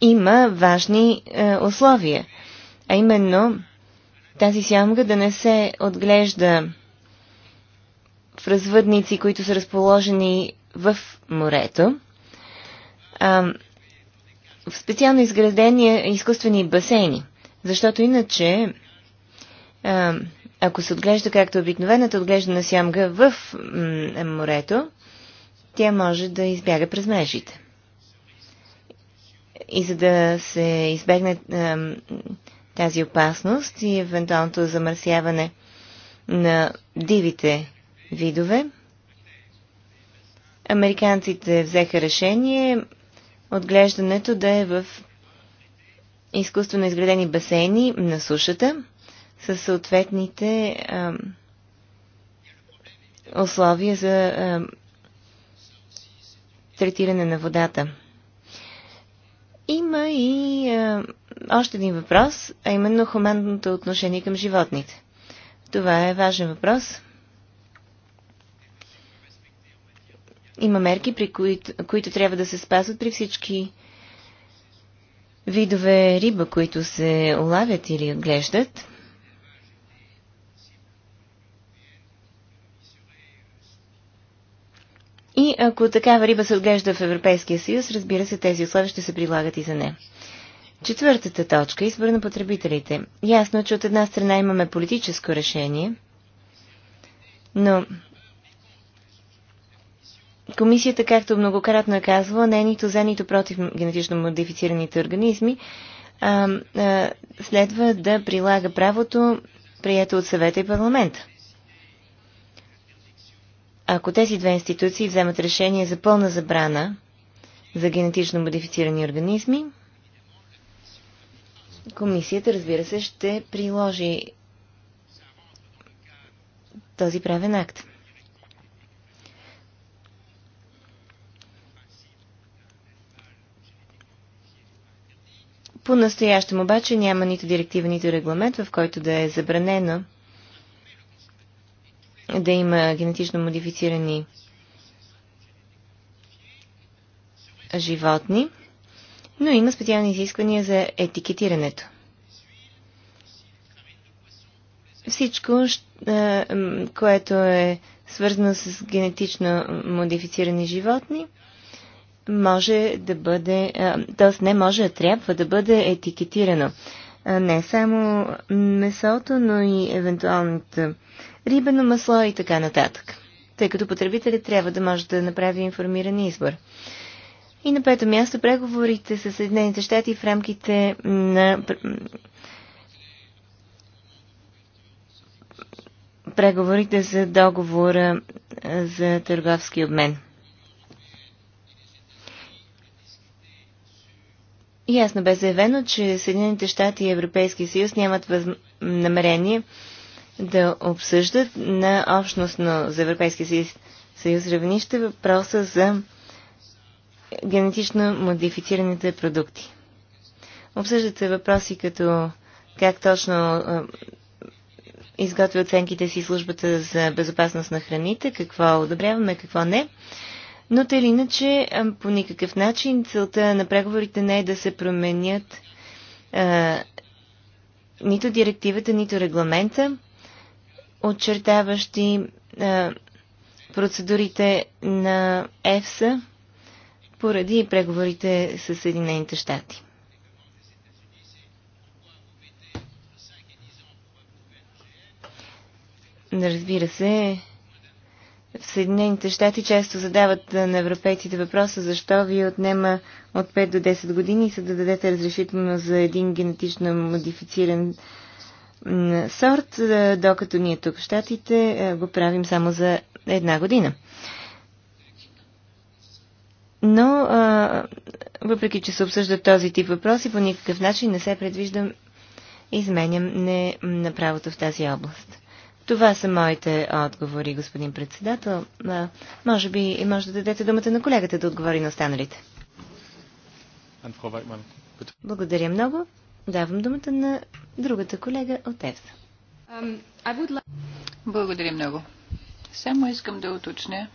има важни е, условия. А именно тази сямга да не се отглежда в развъдници, които са разположени в морето. А, в специално изградени изкуствени басейни. Защото иначе, а, ако се отглежда както е обикновената отглеждана сямга в морето, тя може да избяга през мрежите. И за да се избегне а, тази опасност и евентуалното замърсяване на дивите видове, американците взеха решение отглеждането да е в изкуствено изградени басейни на сушата със съответните а, условия за а, третиране на водата. Има и а, е, още един въпрос, а именно хуманното отношение към животните. Това е важен въпрос. Има мерки, при които, които трябва да се спазват при всички видове риба, които се улавят или отглеждат. И ако такава риба се отглежда в Европейския съюз, разбира се, тези условия ще се прилагат и за нея. Четвъртата точка – избор на потребителите. Ясно, е, че от една страна имаме политическо решение, но комисията, както многократно е казвала, не е нито за, нито против генетично модифицираните организми, а, а, следва да прилага правото, прието от съвета и парламента. Ако тези две институции вземат решение за пълна забрана за генетично модифицирани организми, комисията, разбира се, ще приложи този правен акт. По-настоящем обаче няма нито директива, нито регламент, в който да е забранено да има генетично модифицирани животни, но има специални изисквания за етикетирането. Всичко, което е свързано с генетично модифицирани животни, може да бъде, т.е. не може, а трябва да бъде етикетирано. Не само месото, но и евентуалната рибено масло и така нататък. Тъй като потребителят трябва да може да направи информиран избор. И на пето място преговорите с Съединените щати в рамките на преговорите за договора за търговски обмен. Ясно бе заявено, че Съединените щати и Европейския съюз нямат въз... намерение да обсъждат на общностно за Европейския съюз, съюз равнище въпроса за генетично модифицираните продукти. Обсъждат се въпроси като как точно изготвя оценките си службата за безопасност на храните, какво одобряваме, какво не. Но те или иначе, по никакъв начин целта на преговорите не е да се променят а, нито директивата, нито регламента очертаващи а, процедурите на ЕФСА поради преговорите с Съединените щати. Разбира се, в Съединените щати често задават на европейците въпроса защо ви отнема от 5 до 10 години, за да дадете разрешително за един генетично модифициран сорт, е, докато ние тук в Штатите е, го правим само за една година. Но, въпреки че се обсъждат този тип въпроси, по никакъв начин не се предвиждам не на правото в тази област. Това са моите отговори, господин председател. може би може да дадете думата на колегата да отговори на останалите. Благодаря много. Давам думата на Другата колега от ЕВСА. Е. Благодаря много. Само искам да уточня,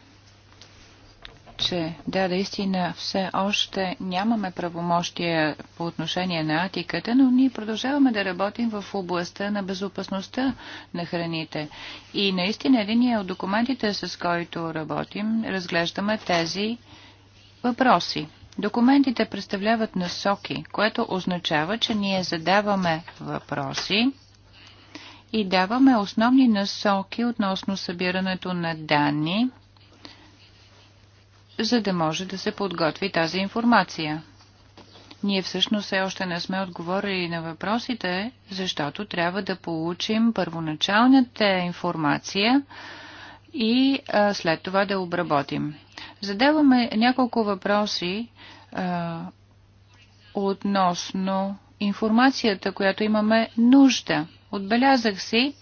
че да, наистина все още нямаме правомощия по отношение на атиката, но ние продължаваме да работим в областта на безопасността на храните. И наистина един от документите, с който работим, разглеждаме тези въпроси. Документите представляват насоки, което означава, че ние задаваме въпроси и даваме основни насоки относно събирането на данни, за да може да се подготви тази информация. Ние всъщност все още не сме отговорили на въпросите, защото трябва да получим първоначалната информация, и а, след това да обработим. Задаваме няколко въпроси а, относно информацията, която имаме нужда. Отбелязах си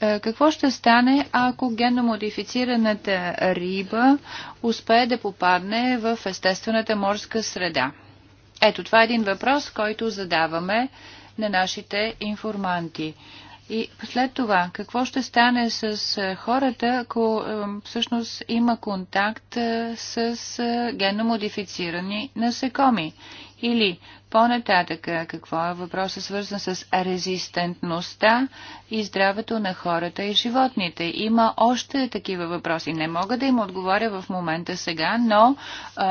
а, какво ще стане, ако геномодифицираната риба успее да попадне в естествената морска среда. Ето, това е един въпрос, който задаваме на нашите информанти. И след това, какво ще стане с е, хората, ако е, всъщност има контакт е, с генно модифицирани насекоми? Или по-нататъка, какво е въпросът свързан с резистентността и здравето на хората и животните? Има още такива въпроси. Не мога да им отговоря в момента сега, но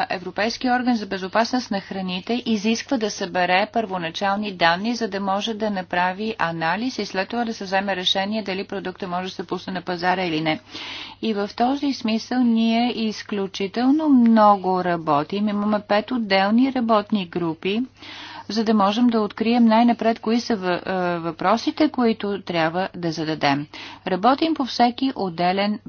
Европейски орган за безопасност на храните изисква да събере първоначални данни, за да може да направи анализ и след това да се вземе решение дали продукта може да се пусне на пазара или не. И в този смисъл ние изключително много работим. Имаме пет отделни работни групи за да можем да открием най-напред кои са е, въпросите, които трябва да зададем. Работим по всеки отделен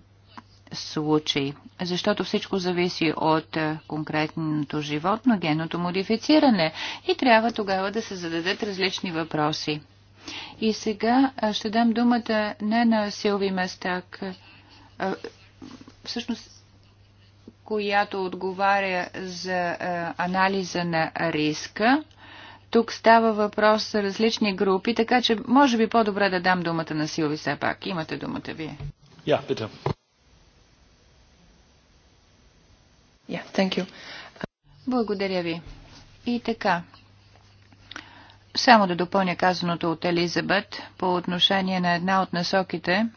случай, защото всичко зависи от е, конкретното животно, генното модифициране и трябва тогава да се зададат различни въпроси. И сега е, ще дам думата не на Силви Местак, всъщност която отговаря за анализа на риска тук става въпрос за различни групи, така че може би по-добре да дам думата на Силви все пак. Имате думата вие. Я, yeah, питам. Yeah, Благодаря ви. И така, само да допълня казаното от Елизабет по отношение на една от насоките –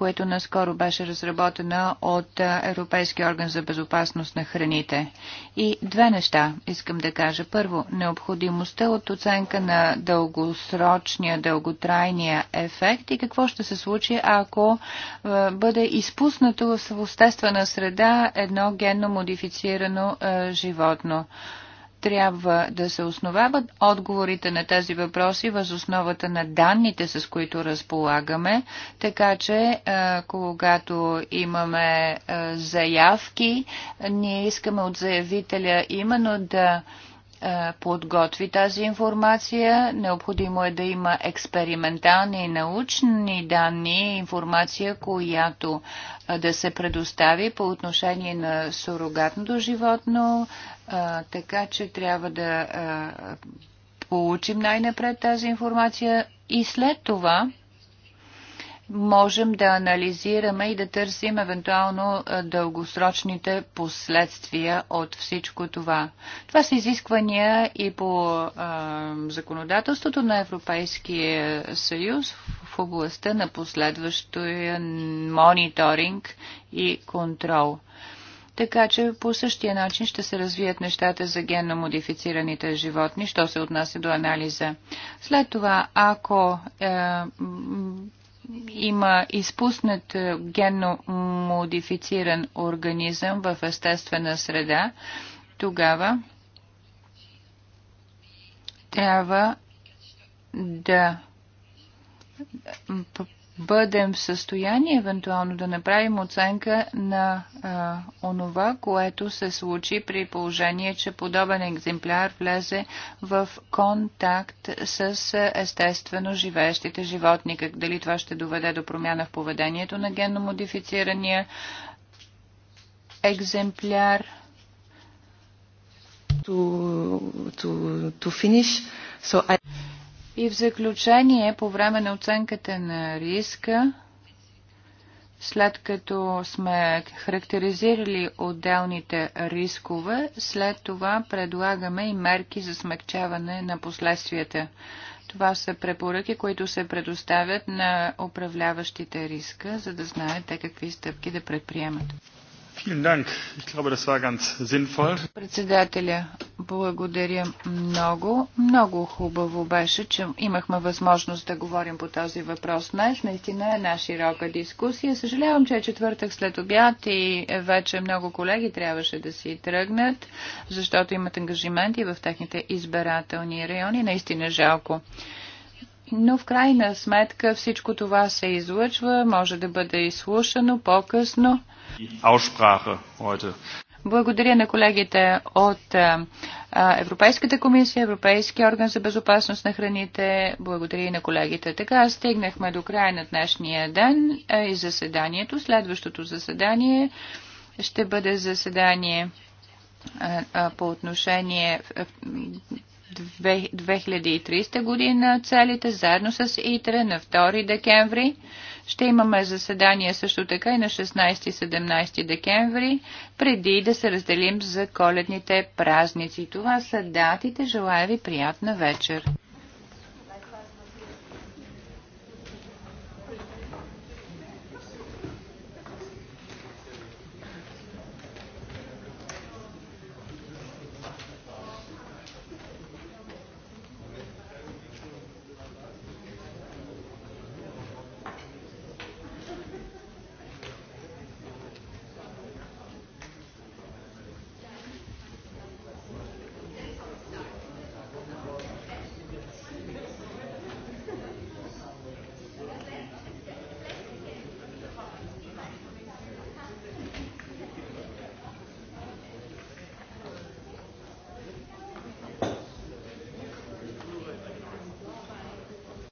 което наскоро беше разработено от Европейския орган за безопасност на храните. И две неща искам да кажа. Първо, необходимостта от оценка на дългосрочния, дълготрайния ефект и какво ще се случи, ако бъде изпуснато в естествена среда едно генно модифицирано животно трябва да се основават отговорите на тези въпроси въз основата на данните, с които разполагаме, така че е, когато имаме е, заявки, ние искаме от заявителя именно да е, подготви тази информация. Необходимо е да има експериментални и научни данни, информация, която да се предостави по отношение на сурогатното животно, така че трябва да а, получим най-напред тази информация и след това можем да анализираме и да търсим евентуално дългосрочните последствия от всичко това. Това са изисквания и по а, законодателството на Европейския съюз в областта на последващия мониторинг и контрол. Така че по същия начин ще се развият нещата за генно модифицираните животни, що се отнася до анализа. След това, ако е, има изпуснат е, генно модифициран организъм в естествена среда, тогава трябва да бъдем в състояние евентуално да направим оценка на а, онова, което се случи при положение, че подобен екземпляр влезе в контакт с естествено живеещите животни. Как, дали това ще доведе до промяна в поведението на модифицирания екземпляр? To, to, to finish. So I... И в заключение, по време на оценката на риска, след като сме характеризирали отделните рискове, след това предлагаме и мерки за смягчаване на последствията. Това са препоръки, които се предоставят на управляващите риска, за да знаят какви стъпки да предприемат. Председателя, благодаря много. Много хубаво беше, че имахме възможност да говорим по този въпрос днес. Наистина е една широка дискусия. Съжалявам, че е четвъртък след обяд и вече много колеги трябваше да си тръгнат, защото имат ангажименти в техните избирателни райони. Наистина жалко но в крайна сметка всичко това се излъчва, може да бъде изслушано по-късно. Благодаря на колегите от Европейската комисия, Европейския орган за безопасност на храните. Благодаря и на колегите. Така стигнахме до края на днешния ден и заседанието. Следващото заседание ще бъде заседание по отношение 2030 година целите, заедно с ИТРЕ на 2 декември. Ще имаме заседание също така и на 16-17 декември, преди да се разделим за коледните празници. Това са датите. Желая ви приятна вечер!